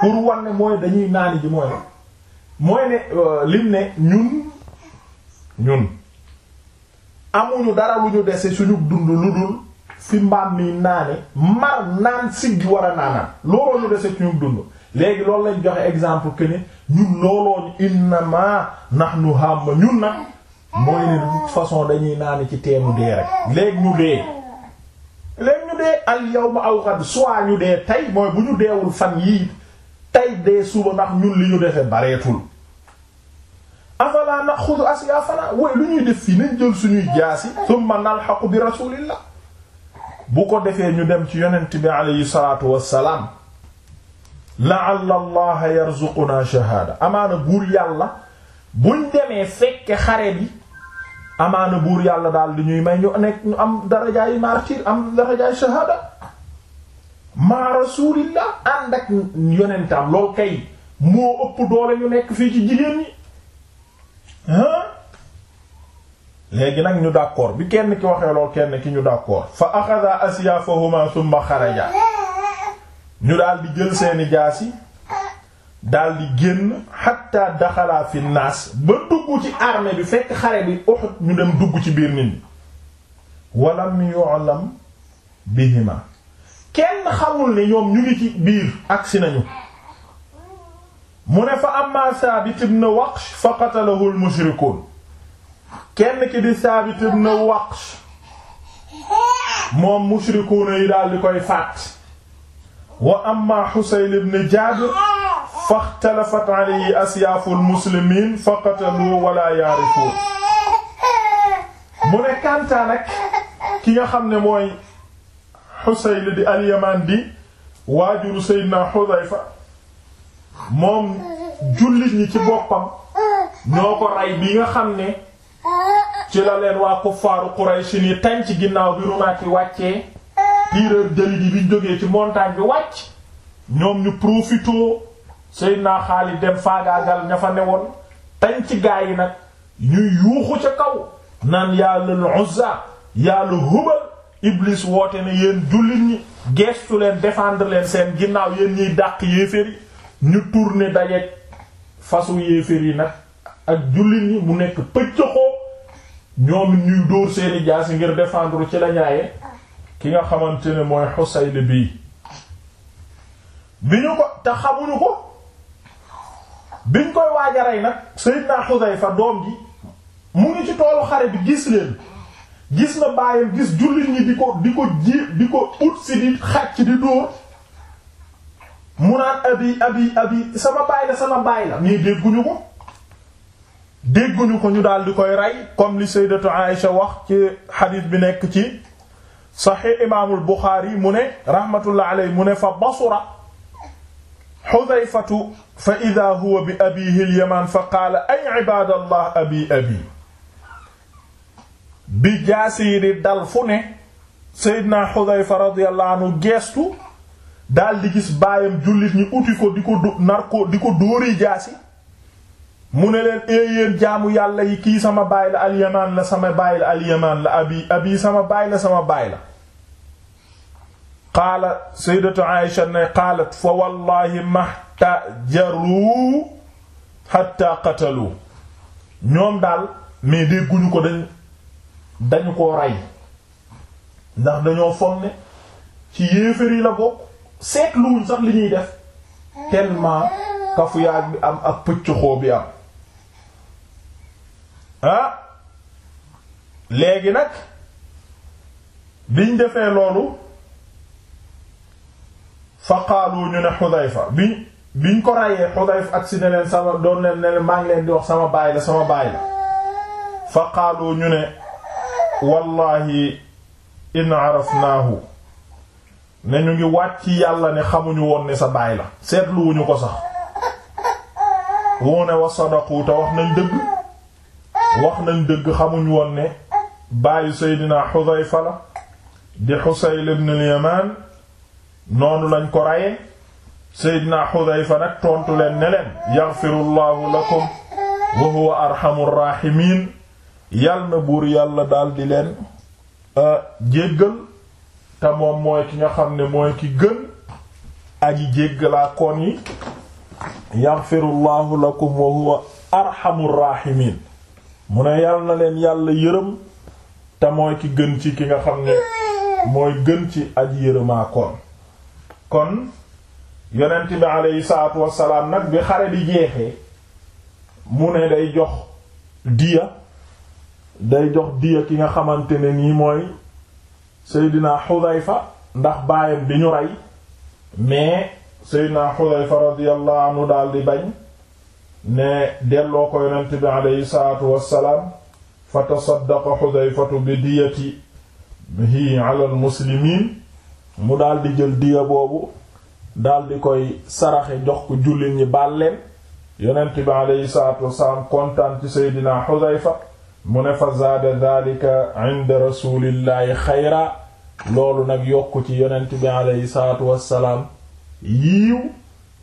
S1: pour wanne mooy dañuy naani ji mooy la mooy ne euh, lim ne ñun ñun amuñu dara lu ñu dese suñu dund lu dul fi mbaam mi naane mar naan sigg war a naanaan looloo ñu dese suñu dund léegi loolu lañ joxe exemple que ne ñun looloo ñu innama nahnu hamma ñun nag mooy ne de façon dañuy naane ci teemu dee rek léegi ñu dee léegi ñu dee al yawma aw ghad soit ñu dee tey mooy bu ñu deewul fan yii tey de suba ndax ñun li ñu defee bareetul afala naxudu asyafana way lu ñuy def fii nañ jël suñuy jaasi thumma nalhaqu bi rasulillah bu ko defee ñu dem ci yonent bi aleyhi salatu wassalaam la'alla allaha yarzuquna shahaada amaana buur yàlla buñ demee fekke xare bi amaana buur yàlla daal di ñuy may ñu nekk ñu am darajaay martyr am darajaay shahaada maa rasulillah ànd ak yonentam lool kay moo ëpp doole ñu nekk fii ci jigéen ñi léegi nag ñu d'accord bi kenn ki waxee lool kenn ki ñu d'accord fa axada asyafahuma thumma xaraja ñu daal di jël seeni jaasi daal di génn hatta daxalaa fi naas ba dugg ci armée bi fekk xare bi Uhud ñu dem dugg ci biir nit ñi walam yu'lam bihima kenn xamul ne ñoom ñu ngi ci biir agsi nañu mu ne fa amma Saabit ibn Waqsh fa qatalahu al-mushrikuun kenn ki di Saabit ibn Waqsh moom mushrikuuna yi daal di koy faat wa amma Husayl ibn Jaabir faxtalafat alayhi asyaaful muslimiin faqatalu wala yaarifuun mu ne Kantaa ki nga xam ne mooy. Xusayl di alyamaan di waajuru Seydina Xudayfa moom jullit ñi ci boppam ñoo ko rey bi nga xam ne ci la leen waa kuffaaru Quraysh ni tañ ci ginnaaw bi rumaat yi wàccee tireur d'élite bi jógee ci montagne bi wàcc ñoom ñu profitoo Seydina Xaalid dem faagaagal ña fa newoon tañ ci gaa yi nag ñuy yuuxu ca kaw naan yaa lal Uzza yaa la Iblis woote ne yéen jullit ñi geestu leen défendre leen seen ginnaaw yéen ñiy dàq yéeféer yi ñu turne dajeeg fasu yéeféer yi nag ak jullit ñi mu nekk pëccëxoo ñoom ñuy dóor seeni yi ngir défendre ci la ñaaye ki nga xamante ne mooy Husayn bii bi ñu ko te xamuñu ko biñ koy waaja rey nag Sayyidna Hudayfa doom gi mu ngi ci toolu xare bi gis leen gis na baayam gis jullit ñi di ko di ko ji di ko ut si di xàcc di dóor mu abi abi abi sama baay la sama baay la mais dégguñu ko dégguñu ko ñu daal di koy rey comme li sayyidatu Aïsha wax ci xadiis bi nekk ci saxiix imaamul Buxaari mu ne rahmatullah alayhi mu ne fa basura Xudayfatu fa idaa huwa bi abiihi al fa qaala ay ibaadallah abi abi bi jaasi yi di dal fu ne Seydina Xudayfa radiyallahu geestu daldi gis baayam jullit ñi uti ko di ko du jaasi mu ne leen éeyéen eh, jaamu yàlla yi kii sama baay la alyamaan la sama baay la alyamaan la abi abi sama baay la qaala sayyidatu Aisha qaalat fa wallahi mahtajaru hatta qatalu ñoom daal mais dégguñu ko dañ dañu ko ray ndax dañoo foog ne ci yéefar yi la bokk seetluwuñ sax li ñuy def tellement kafuyaag bi am ak pëcc xoo bi am ah léegi nag biñ defee loolu fa qaalu ñu ne bi biñ biñ ko rayee Xudayfa ak si ne sama doon leen ne maa ngi leen di wax sama baay la sama baay la fa qaalu ñu ne wallahi in arafnaahu ne ñu ngi wàcc yàlla ne xamuñu woon ne sa baay la seetluwuñu ko sax woone wa sadaqu wax nañ dëgg wax nañ dëgg xamuñu woon ne baayu seydina Xudayfa la di Xusayl ibn al noonu lañ ko reye seydina Xudayfa nag tontu leen ne leen yaxfirullahu lakum wa huwa arhamur raahimiin yal na buur yàlla daal di leen jéggal te mooy ki nga xam ne mooy ki gën aji jéggalaa yi yaxfirullahu lakum wa huwa arhamur raahimiin mu ne yal na leen yàlla yërëm te mooy ki gën ci ki nga xam ne mooy gën ci aji yërëmaa kon yonent bi aleyhi salaatu wassalaam nag bi xare di jeexee mu ne day jox diya day jox diya ki nga xamante ne nii mooy Seydina Xudayfa ndax baayam bi ñu rey mais Seydina Xudayfa radiyallahu anhu daal di bañ ne delloo ko yonent bi aleyhi salaatu wassalaam fa tasaddaqa Xudayfatu bi diyatihi ala al-muslimiin mu daal di jël diya boobu daal di koy saraxe jox ko jullit ñi baal leen yonent bi aleyhi salaatu wassalaam kontaan ci Seydina Xudayfa mu ne fa zaada daalika inda rasulillahi xayra loolu nag yokku ci yonent bi aleyhi salaatu wassalaam yiiw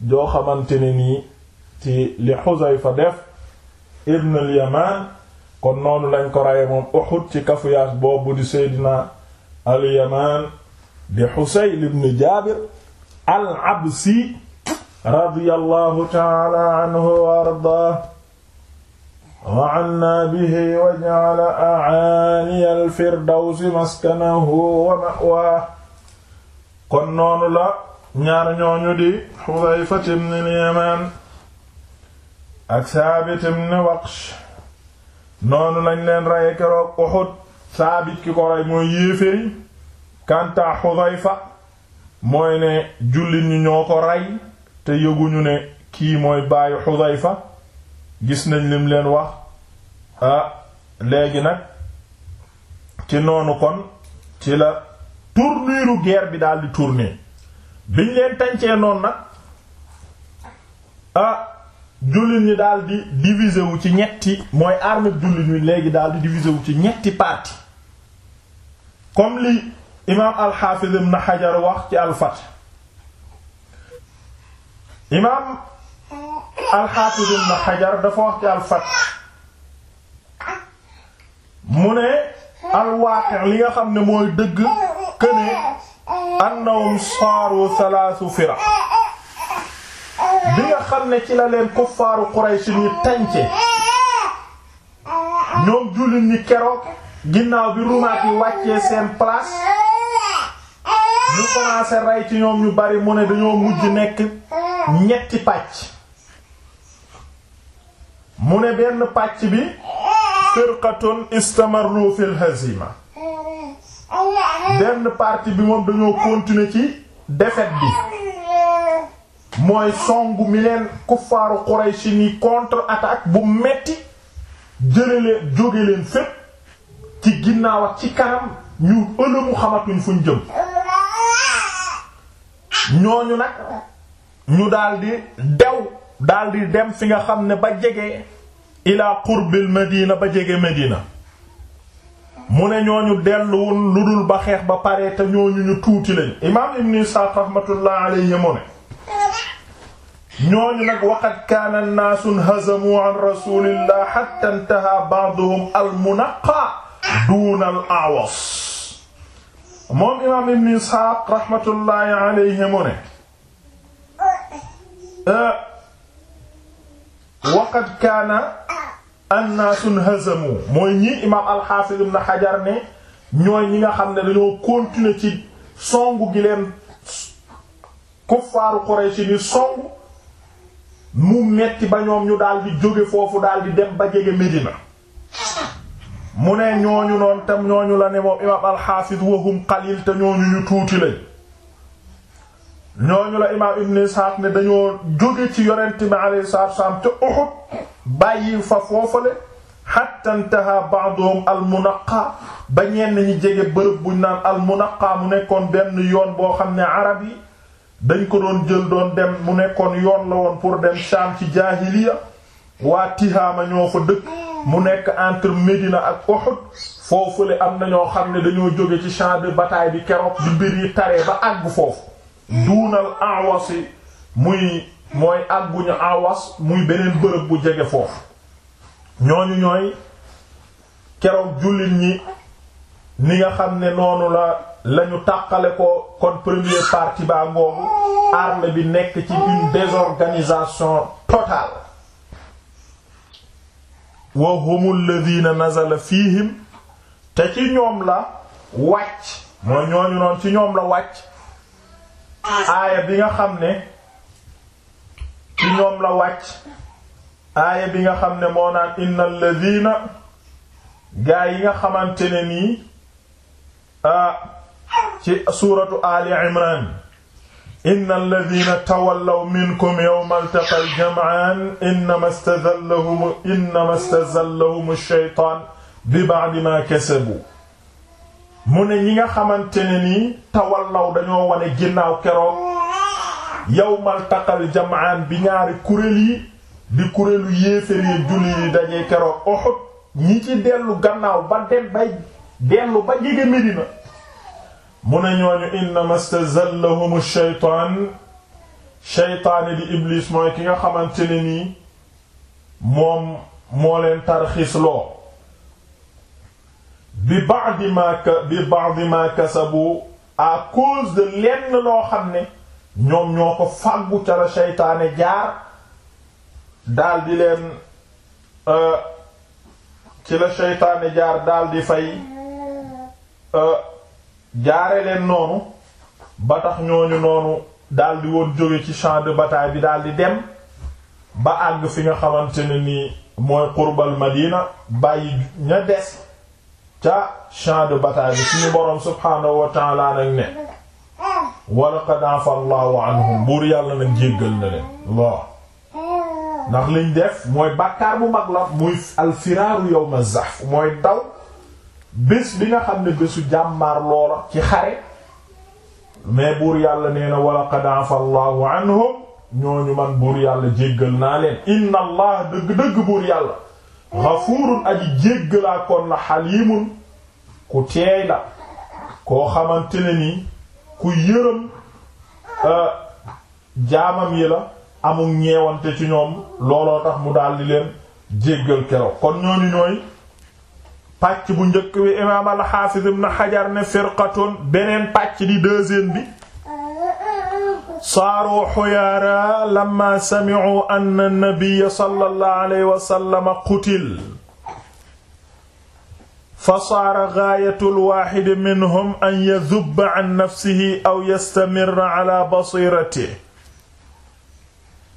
S1: joo xamante ne nii ci li Xuzayfa def ibn al yamaan kon noonu lañ ko reye moom Uhud ci kafuyaas boobu di seydina al yamaan di Xusayl ibn Jaabir al Absi radiyallahu taala anhu wa ardaa وعنّا به واجعل أعالي الفردوس مسكنه ومأواه kon noonu la ñaar ñooñu di Xudayfa ibn al-Yamaan ak Saabit ibn Waqsh noonu lañ leen rey keroog Uhud Saabit ki ko rey mooy kanta Xudayfa mooy ne jullit ñi ñoo ko rey te yëguñu ne kii mooy baayu Xudayfa gis nañ lim leen wax ah léegi nag ci noonu kon ci la tournure geer bi daal di tourner biñ leen tàncee noonu nag ah jullit ñi daal di ci ñetti mooy armée jullit ñi léegi daal di diviser wu ci ñetti parti comme li imaam al na xajar wax ci al imaam alxaafis ibn xajar dafa wax ci alfath mu ne alwaaqi li nga xam ne mooy dëgg këne annahum saaru salaasu firaq bi nga xam ne ci la leen kuffaaru Quraysh ñi tànce ñoom jullit ñi keroog ginnaaw bi rumaat yi wàccee seen place ñu commencé rey ci ñoom ñu bari mu ne dañoo mujj nekk ñetti pàcc mu ne benn pàcc bi firqatun istamarru fil hazima benn parti bi moom dañoo continuer ci defet bi mooy songu mi leen kuffaaru Quraysh ni contre-attaque bu metti jële leen jóge leen fépp ci ginnaaw ci kanam ñu ëlëmu xamatuñ fuñ jëm ñooñu nag ñu daldi dew daldi dem fi nga xam ne ba jege ila qurbil madina ba jege madina mu ne ñooñu delluwul lu dul ba xeex ba pare te ñooñu ñu tuuti lañ imaam ibn Isaaq rahmatullah alayhi mu ne ñooñu nag waqad kaana naasun hazamu an rasulillah hatta intaha ba'duhum al-munaqqa duuna al-a'was moom imaam ibn Isaaq rahmatullah alayhi mu ne waqad kaana annaasun hazamu mooy ñii imaam alxaafis ibn xajar ne ñooy ñi nga xam ne dañoo continuer ci songu gi leen kuffaaru Quraysh ni songu mu metti ba ñoom ñu daldi jóge foofu daal di dem ba jege Medina mu ne ñooñu noon tam ñooñu la ne moom imaam alxaafis wahum xalil te ñooñu ñu tuuti lañ ñooñu la imaam ibn Isxaaq ne dañoo jóge ci yonent bi alayhi salaatu wassalaam te Uhud bàyyi fa foofale hatta intaha ba'dhum al ba ñenn ñi jege bërëb buñ naan al-Munaqqa mu nekkoon benn yoon boo xam ne arab yi dañ ko doon jël doon dem mu nekkoon yoon la woon pour dem Sham ci jaahiliya waa Tihaama ñoo fa dëkk mu nekk entre Médina ak Uhud foofule am na ñoo xam ne dañoo jóge ci champ de bataille bi keroog bi yi taree ba àgg foofu duunal awasi muy mooy àgguñu awas muy beneen bërëb bu jege foofu ñooñu ñooy keroog jullit ñi ni nga xam ne noonu la lañu tàqale ko kon première partie baa ngoogu armée bi nekk ci une désorganisation totale wa humul ladina nazala fihim te ci ñoom la wàcc mooy ñooñu noonu ci ñoom la wàcc aaya bi nga xam ne ci ñoom la wàcc aaya bi nga xam ne moo naan innal ladina gaa yi nga xamante ne nii ci suuratu ali imran innal ladina tawallaw minkum yawmal taqal jam'an innama istazallahum innama istazallahum ash-shaytan bi ba'di ma kasabu mu ne ñi nga xamante ne nii tawallaw dañoo wane ginnaaw keroog yawmal taqal jamaan bi ñaari kuréel yi di kuréelu yi julli yi dajee keroog Uhud ñi ci dellu gannaaw ba dem bay dellu ba jege Medina mu ne ñooñu innama stazallahum shaytaan shaytaani di iblis mooy ki nga xamante ne nii moom moo leen tarxiisloo bi ba'di ma bi ba'di ma kasabu à cause de lenn loo xam ne ñoom ñoo ko fàggu ca la seytaane jaar daal di leen euh, ci la seytaane jaar daal di fay euh, jaare leen noonu ba tax ñooñu noonu daal di woon jóge ci champ de bataille bi daal di dem ba àgg fi nga xamante ne nii mooy qurbal madina bàyyi ña des ca champ de bataille bi suñu boroom subhaanahu wa nag ne walaqad yàlla nag jéggal na leen waaw ndax liñ def mooy bàkkaar bu mag la muy alfiraaru yawma zahf mooy daw bés bi nga xam ne bésu jàmmaar loola ci xare mais buur yàlla nee na walaqad afa allahu anhum ñooñu man buur yàlla jéggal naa leen inna allah dëgg-dëgg buur yàlla xafuurun aji jéggalaakoon la xaliimun ku teey la koo xamante ni ku yërëm euh, jaamam yi la amul ñeewante ci ñoom looloo tax mu daldi leen jéggal keroog kon ñooñu ñooy pàcc bu njëkk bi imaam al-Hafiz na Hajar ne firqatun beneen pàcc di deuxième bi saaru xuyaara lamma sami'u anna nabiyya sallallahu alayhi wa sallam qutil fa saara gaayatul waaxidi minhum an yadubba an nafsihi aw yastamirra ala basiratihi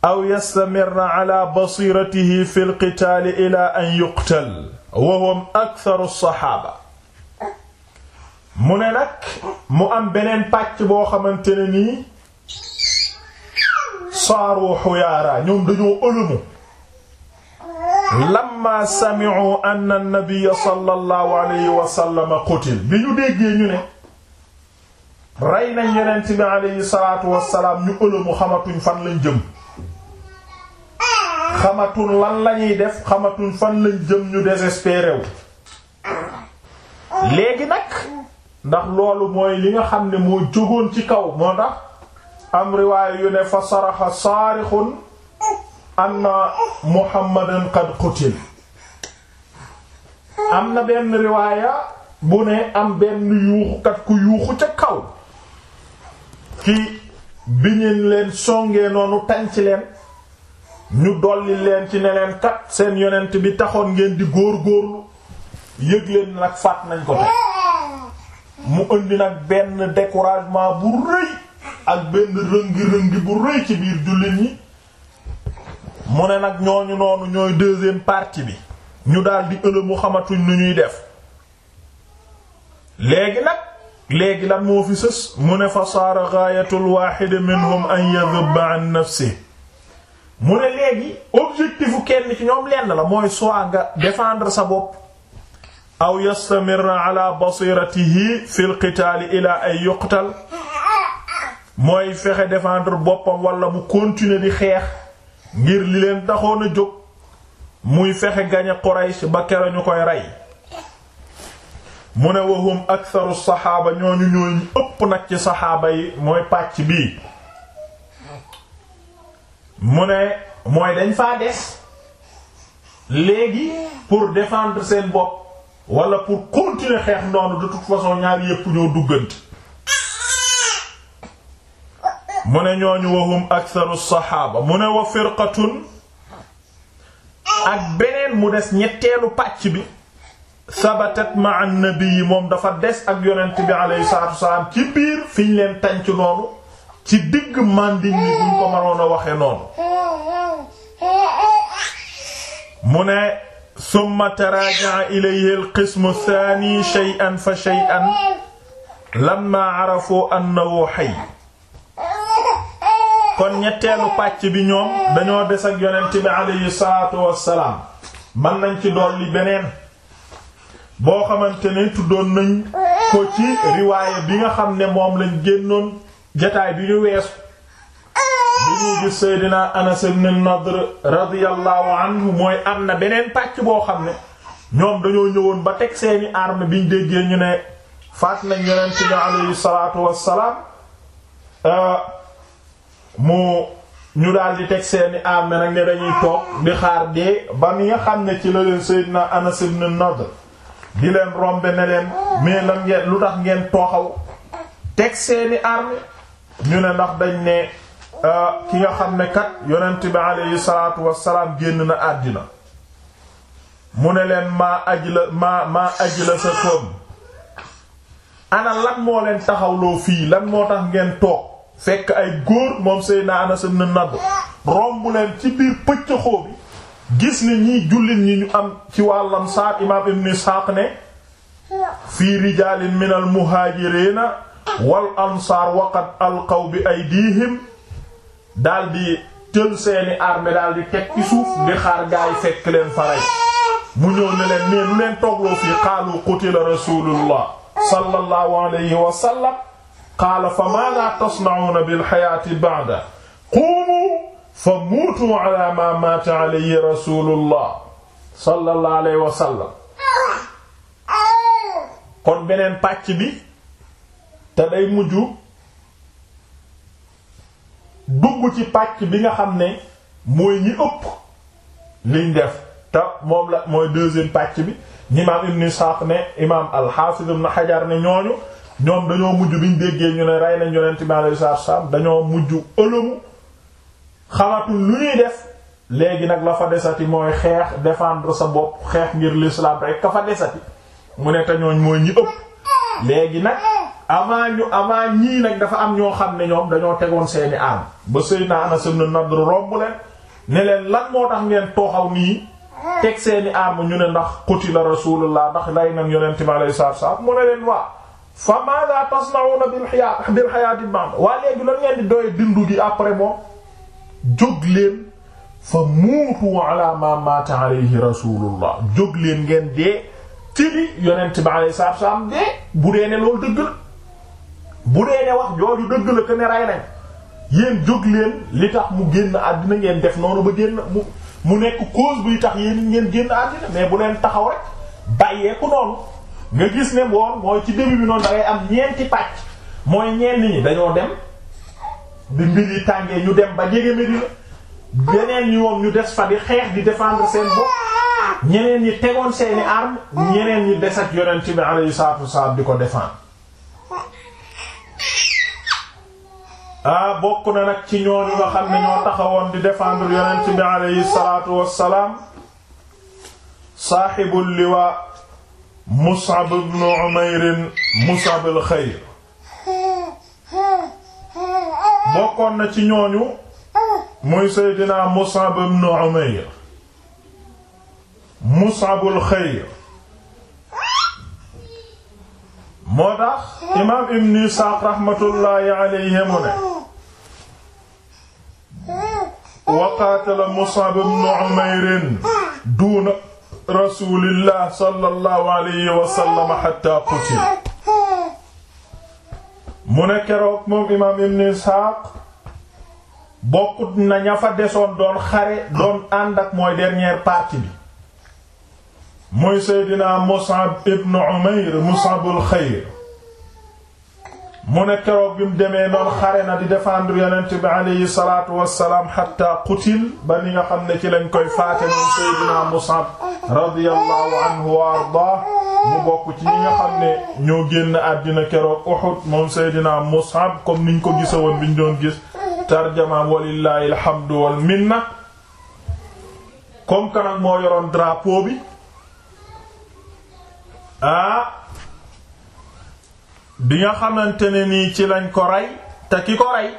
S1: aw yastamirra ala basiratihi fil qitaali ilaa an yuqtal wa hum aktharu saxaaba. mu ne nag mu am beneen pàcc boo xamante ne nii. saaru xuyaara ñoom dañoo ëlëmu lamma sami'u anna an-nabiyya sallallahu alayhi wa sallam qutil bi ñu déggee ñu ne rey nañ yonent bi alayhi salaatu wassalaam ñu ëlëmu xamatuñ fan lañ jëm xamatuñ lan lañuy def xamatuñ fan lañ jëm ñu désespéré léegi nag ndax loolu mooy li nga xam ne moo jógoon ci kaw moo tax am riwaaya yu ne fa saraxa saarixun anna muhammadan qad qutil am na benn riwaaya bu ne am benn yuuxukat ku yuuxu ca kaw ci bi leen songee noonu ci leen ñu dolli leen ci ne leen kat seen yonent bi taxoon ngeen di góor góorlu yëgleen leen nag faat nañ ko te mu indi nag benn découragement bu rëy ak benn rëngi-rëngi bu rëy ci biir jullit yi mu ne nag ñooñu noonu ñooy deuxième parti bi ñu daldi di xamatu xamatuñ ñuy def léegi nag léegi lan moo fi sës mu ne fa saara gaayatul waaxid minhum an yadhba an nafsi mu ne léegi objectifu kenn ci ñoom lenn la mooy soit nga défendre sa bopp aw yastamira ala basiratihi fi al qitaal ila ay yuqtal mooy fexe défendre boppam wala mu continuer di xeex ngir li leen taxoon a jóg muy fexe gañe Quraysh ba kera ñu koy rey mu ne wahum aktharu saxaaba ñooñu ñooñu ëpp nag ci saxaaba yi mooy pàcc bii mu ne mooy dañ faa des léegi pour défendre seen bopp walla pour continuer xeex noonu de toute façon ñaar yépp ñoo duggante mu ne ñooñu wahum aktharu saxaaba mu ne wa firqatun ak beneen mu des ñetteelu pàcc bi sabatat ma'a an-nabi moom dafa des ak yonent bi alayhi salaatu ci biir fi ñu leen tànc noonu ci digg màndin yi buñ ko mënoon a waxe noonu mu ne summa taraja'a ilayhi al-qismu ath fa shay'an lamma arafu annahu hayy kon ñetteelu pàcc bi ñoom dañoo des ak yonent bi alayhi salaatu wassalaam mën nañ ci dolli beneen boo xamante ne tuddoon nañ ko ci riwaaye bi nga xam ne moom lañ génnoon jataay bi ñu weesu bi ñuy gis Seydina Anas ibn Nadr radiyallahu anhu mooy am na beneen pàcc boo xam ne ñoom dañoo ñëwoon ba teg seeni arme biñ déggee ñu ne faat nañ yonent bi alayhi salaatu wassalaam euh, mu ñu daal di teg seeni arme nag ne dañuy toog di xaar dee ba nga xam ne ci la leen Seydina Anas ibn Nadr di leen rombe ne leen mais lan ngeen lu tax ngeen tooxaw teg seeni arme ñu ne ndax dañ ne euh, ki nga xam ne kat yonent bi aleyhi salaatu wassalaam génn na àddina mu ne leen maa ajla maa maa ajla sa toom ana lan moo leen taxawloo fii lan moo tax ngeen toog fekk ay góor moom Seydina Anas ibn Nadr romb ci biir pëcc gis ne ñii jullit ñi ñu am ci wàllam saar imaam ibn Isaaq ne fii rijaalin min al muhaajiriina wal ansaar waqad alqaw bi aydiihim daal di tël seeni armée daal di teg di xaar gaay fekk leen faray mu ñëw ne leen nee lu leen toogloo fii qaalu qutila rasuulullah sallallahu alayhi wa qaala fa maada tasna'uuna bil hayaati ba'da quumu fa muutu ala ma maata alayhi rasulullah sallallahu alayhi wa sallam kon beneen pàcc bi te day mujj dugg ci pàcc bi nga xam ne mooy ñi ëpp liñ def te moom la mooy deuxième pàcc bi ñi imaam ibn Isaaq ne imaam al-Hafiz ibn ne ñooñu ñoom dañoo mujj biñ déggee ñu ne rey nañ yonent bi alayhi salaatu wassalaam dañoo mujj ëlëmu xamatu lu ñuy def léegi nag la fa desati mooy xeex défendre sa bopp xeex ngir l'islam rek ka fa desati mu ne te ñooñ mooy ñi ëpp léegi nag avant ñu avant ñii nag dafa am ñoo xam ne ñoom dañoo tegoon seeni arme ba Seydina Anas ibn Nadr romb leen ne leen lan moo tax ngeen tooxaw nii teg seeni arme ñu ne ndax qutila Rasulullah ndax lay nañ yonent bi alayhi salaatu wassalaam mu ne leen waa fa maada tasna'una bil hayat bil hayat ba'd waa léegi lan ngeen di doye dindu gi après moom jóg leen fa muutu ala ma mata alayhi rasulullah jóg leen ngeen dee ci li yonent bi alayhi salaatu salaam dee bu dee ne loolu dëgg la bu dee ne wax jooju dëgg la que ne rey nañ yéen jóg leen li tax mu génn àddina ngeen def noonu ba génn mu nekk cause buy tax yéen ngeen génn àddina mais bu leen taxaw rek bàyyeeku noonu. nga gis ne woor mooy ci début bi noonu da am ñeenti pàcc mooy ñenn ñi dañoo dem bi mbir yi tàngee ñu dem ba jege Medina beneen yoon ñu des fa di xeex di défendre seen bopp ñeneen ñi tegoon seeni arme ñeneen ñi des ak yonent bi alayhi salaatu wasallam di ko défendre. ah bokk na nag ci ñooñu nga xam ne ñoo taxawoon di défendre yonent bi alayhi salaatu wasallam saaxibul liwaa Mus'ab ibn Umayr Mus'ab al bokkoon na ci ñooñu muy Seydina Mus'ab ibn Umayr Mus'ab al-Xayr moo tax imaam Ibn Isaaq raxmatullaahi alayhi ne wa qaatala Mus'ab ibn Umayr duuna rasulillah sallallahu alayhi mu ne ibn Isxaaq bokkut na ña desoon doon xare doon ànd ak mooy dernière partie bi mooy Seydina Mus'ab ibn Umayr Mus'abul Xayr mu ne keroog bi mu demee noonu xare na di défendre yonent bi aleyhi salaatu wassalaam xatta qutil ba ni nga xam ne ci lañ koy faate moom Seydina Musab radiyallahu anhu wa ardaa mu bokk ci ñi xam ne ñoo génn àddina keroog Uhud moom Seydina Musab comme niñ ko gisa woon biñ doon gis tarjamaam walillahi alhamdu wal minna comme kanam moo yoroon drapeau bi ah. bi nga xamante ne nii ci lañ ko rey te ki ko rey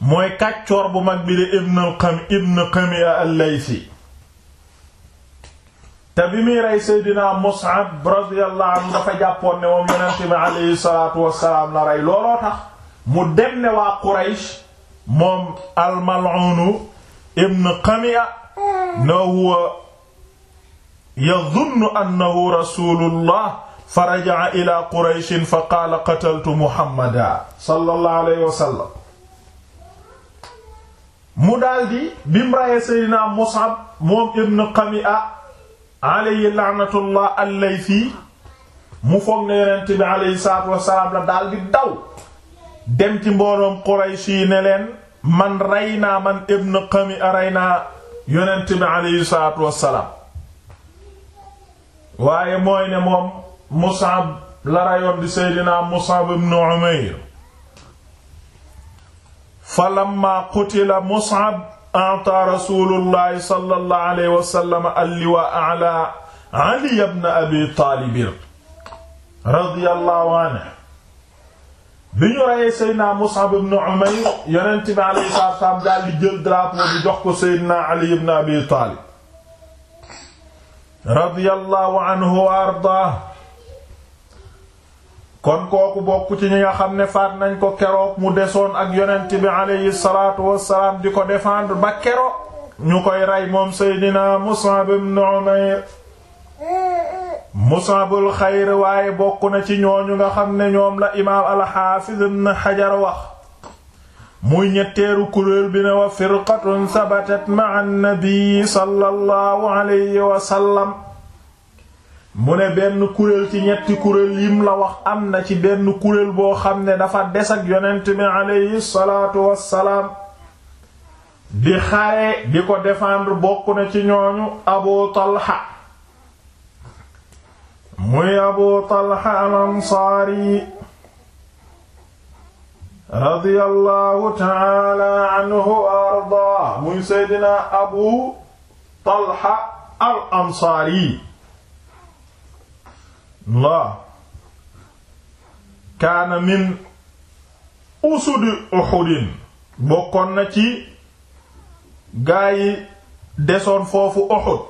S1: mooy kàccoor bu mag bi di ibn qam ibn qami'a al-laythi te bi muy rey seydina mus'ab radiyallahu anhu dafa jàppoon ne moom yonent mu dem ne waa quraysh moom al ibn qami'a no huwa yadhunnu annahu rasulullah fa rajaa ila qurayshin fa qaala qataltu muhammada sallallahu alayhi wa mu daldi bi mu rayee seydinaa mus'ab moom ibn qami'a alayhi la'natullah fi mu foog ne yonent bi la daldi daw dem ci mbooloom quraysh yi ne leen man rey naa man ibn qami'a rey naa yonent bi alayhi salaatu waaye mooy moom Mus'ab la rayoon di Seydina Mus'ab ibn Umayr falamma qutila Mus'ab a'ta Rasulullahi sallallahu alayhi wa sallam al-liwaa'a ala Ali ibn Abi Taalib radiyallahu anhu bi ñu reyee Seydina Mus'ab ibn Umayr yonent bi alayhi salaatu wa salaam daal di jël drapeau bi jox ko Seydina Ali ibn Abi Taalib radiyallahu anhu wa ardaahu kon kooku bokk ci ñi nga xam ne faat nañ ko keroog mu desoon ak yonent bi aleyhi salaatu wassalaam di ko défendre ba keroog ñu koy rey moom seydina Mus'ab ibn Umayr Mus'abul xayr waaye bokk na ci ñooñu nga xam ne ñoom la imaam al-Hafiz ibn Hajar wax muy ñetteeru kuréel bi ne wa firqatun sabatat ma'a an-nabi sallallahu alayhi mu ne benn kuréel ci ñetti kuréel yim la wax am na ci benn kuréel boo xam ne dafa des yonent bi aleyhi salaatu wassalaam di xare di ko défendre bokk ci ñooñu Abu Talha muy Abu Talha al-Ansaari ta'ala anhu wa ardaa muy Seydina Abu Talha al la kaana min usudi uhudin bokkoon na ci gaa desoon foofu uhud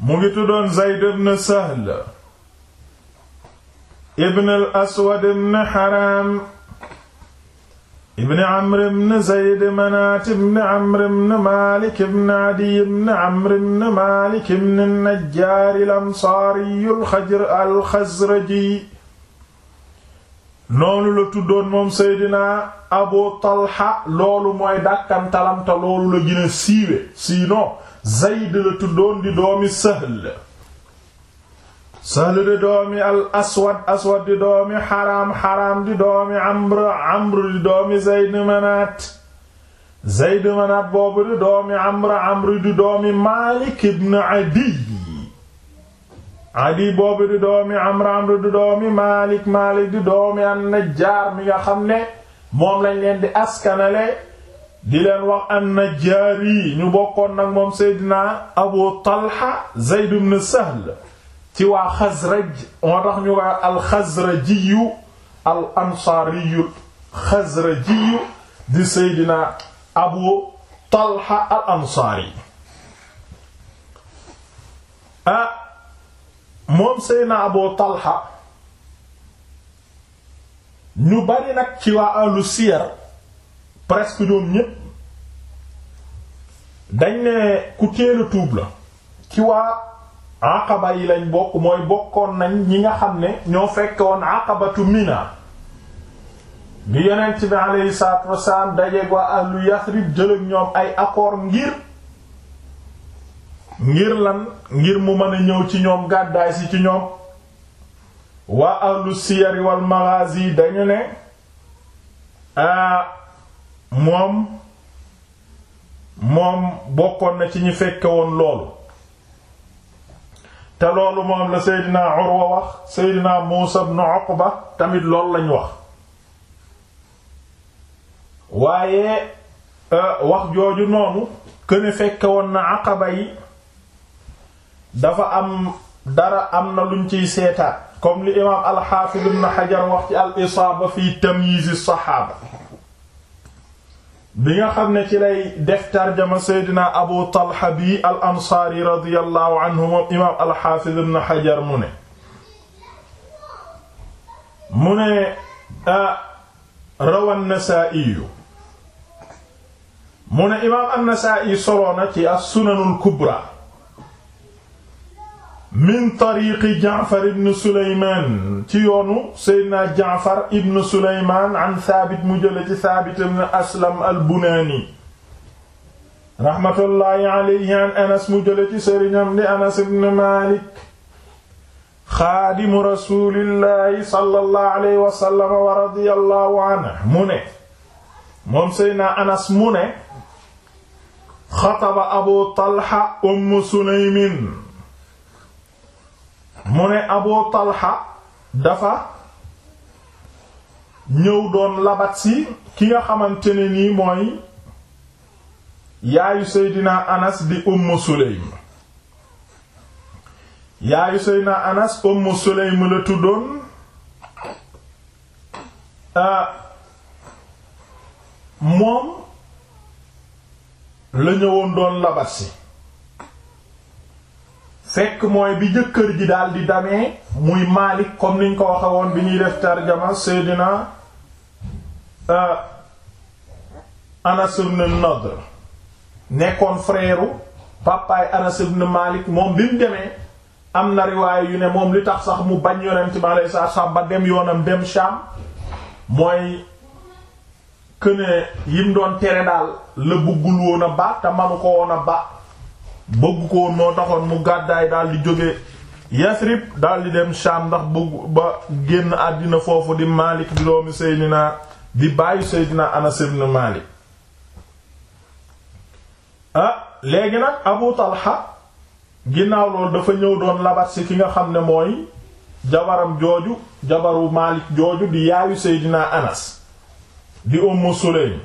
S1: mu ngi tuddoon zayd ibn sahl ibn al haram ibn amr ibn zayd manaat ibn amr ibn malik ibn adiy ibn amr ibn malik ibn najjaar al-ansaari al-xazraji noonu la tuddoon moom seydinaa abu talha loolu mooy dàkkantalam te loolu la gën a siiwe sinon zayd la tuddoon di doomi sahl Sahl di doomi al aswad aswad di doomi xaram xaram di doomi amr amr di doomi zayd manaat adi adi boobu di doomi amr amr di doomi malik malik di doomi an mi nga xam ne moom lañ leen di askanale di leen wax an ñu bokkoon nag moom seydina abu talha zayd ibn sahl ci waa xasraj moo tax ñu waa alxasrajiyu al ansaariyu di seydina abu talha al ah moom seydina abu talha ñu bari nag ci waa ahlu siyar presque ñoom ñépp dañ ku téela tuub la ci waa aqaba yi bokkoon nañ ñi nga xam ne ñoo fekk woon aqabatu mina bi yonent bi alayhi salaatu wasalaam dajeeg ay accord ngir ngir lan ngir mu mën a ñëw ci ñoom gàddaay si ci ñoom waa ahlu siyari wal maghazi dañu ne a moom moom bokkoon na ci ñi fekke woon loolu te loolu moom la Seydina Urwa wax Seydina Muusa ibn Uqba tamit loolu lañ wax waaye euh, wax jooju noonu këne fekke woon na Aqaba yi dafa am dara am na luñ ciy seetaat comme li imaam al-Hafiz ibn wax ci al-Isaaba fi tamyiz as bi nga xam ne ci lay def tarjama seydina abu talha bi al ansaari radiyallahu anhu moom imaam alxaafiz ibn xajar mu ne mu ne rawa nasaa'iyu mu ne imaam annasaa'i soloona ci as sunanul kubra min tariqi jaafar ibn suleyman ci yoonu seydna jaafar ibn suleyman an thaabit mu jële ci thaabit ibn aslam al bunaani raxmatullaahi alayhi an anas mu jële ci sëriñam di anas ibn maalik xaadimu rasuulillaahi sallallaahu alayhi wasallam wa radiyallaahu anhu mu ne moom seydna anas mu ne xataba abu talha umm suleymin mu ne Abu Talha dafa ñëw doon labat ki nga xamante ne nii mooy yaayu Seydina Anas di Umm Sulaym yaayu Seydina Anas Umm Sulaym la tuddoon ah, moom la ñëwoon doon labat fekk mooy bi jëkkër ji daal di damee muy Maalik comme niñ ko waxe woon bi ñuy def tarjama Seydina euh, Anas ibn nekkoon frère papaay Anas ibn Maalik moom bi mu demee am na riwaay yu ne moom li tax sax mu bañ yonent mi alayhi salaatu salaam ba dem yoonam dem Sham mooy këne yim doon tere daal la buggul woon a ba te manu ko woon a ba bëgg ko moo taxoon mu gàddaay daal di jóge Yasrib daal di dem Sham ndax bëgg ba génn àddina foofu di Malik di doomi Seydina di bàyyi Seydina Anas ibn Malik ah léegi nag Abu Talha ginnaaw loolu dafa ñëw doon labat ki nga xam ne mooy jabaram jooju jabaru Malik jooju di yaayu Seydina Anas di Ummu Sulaym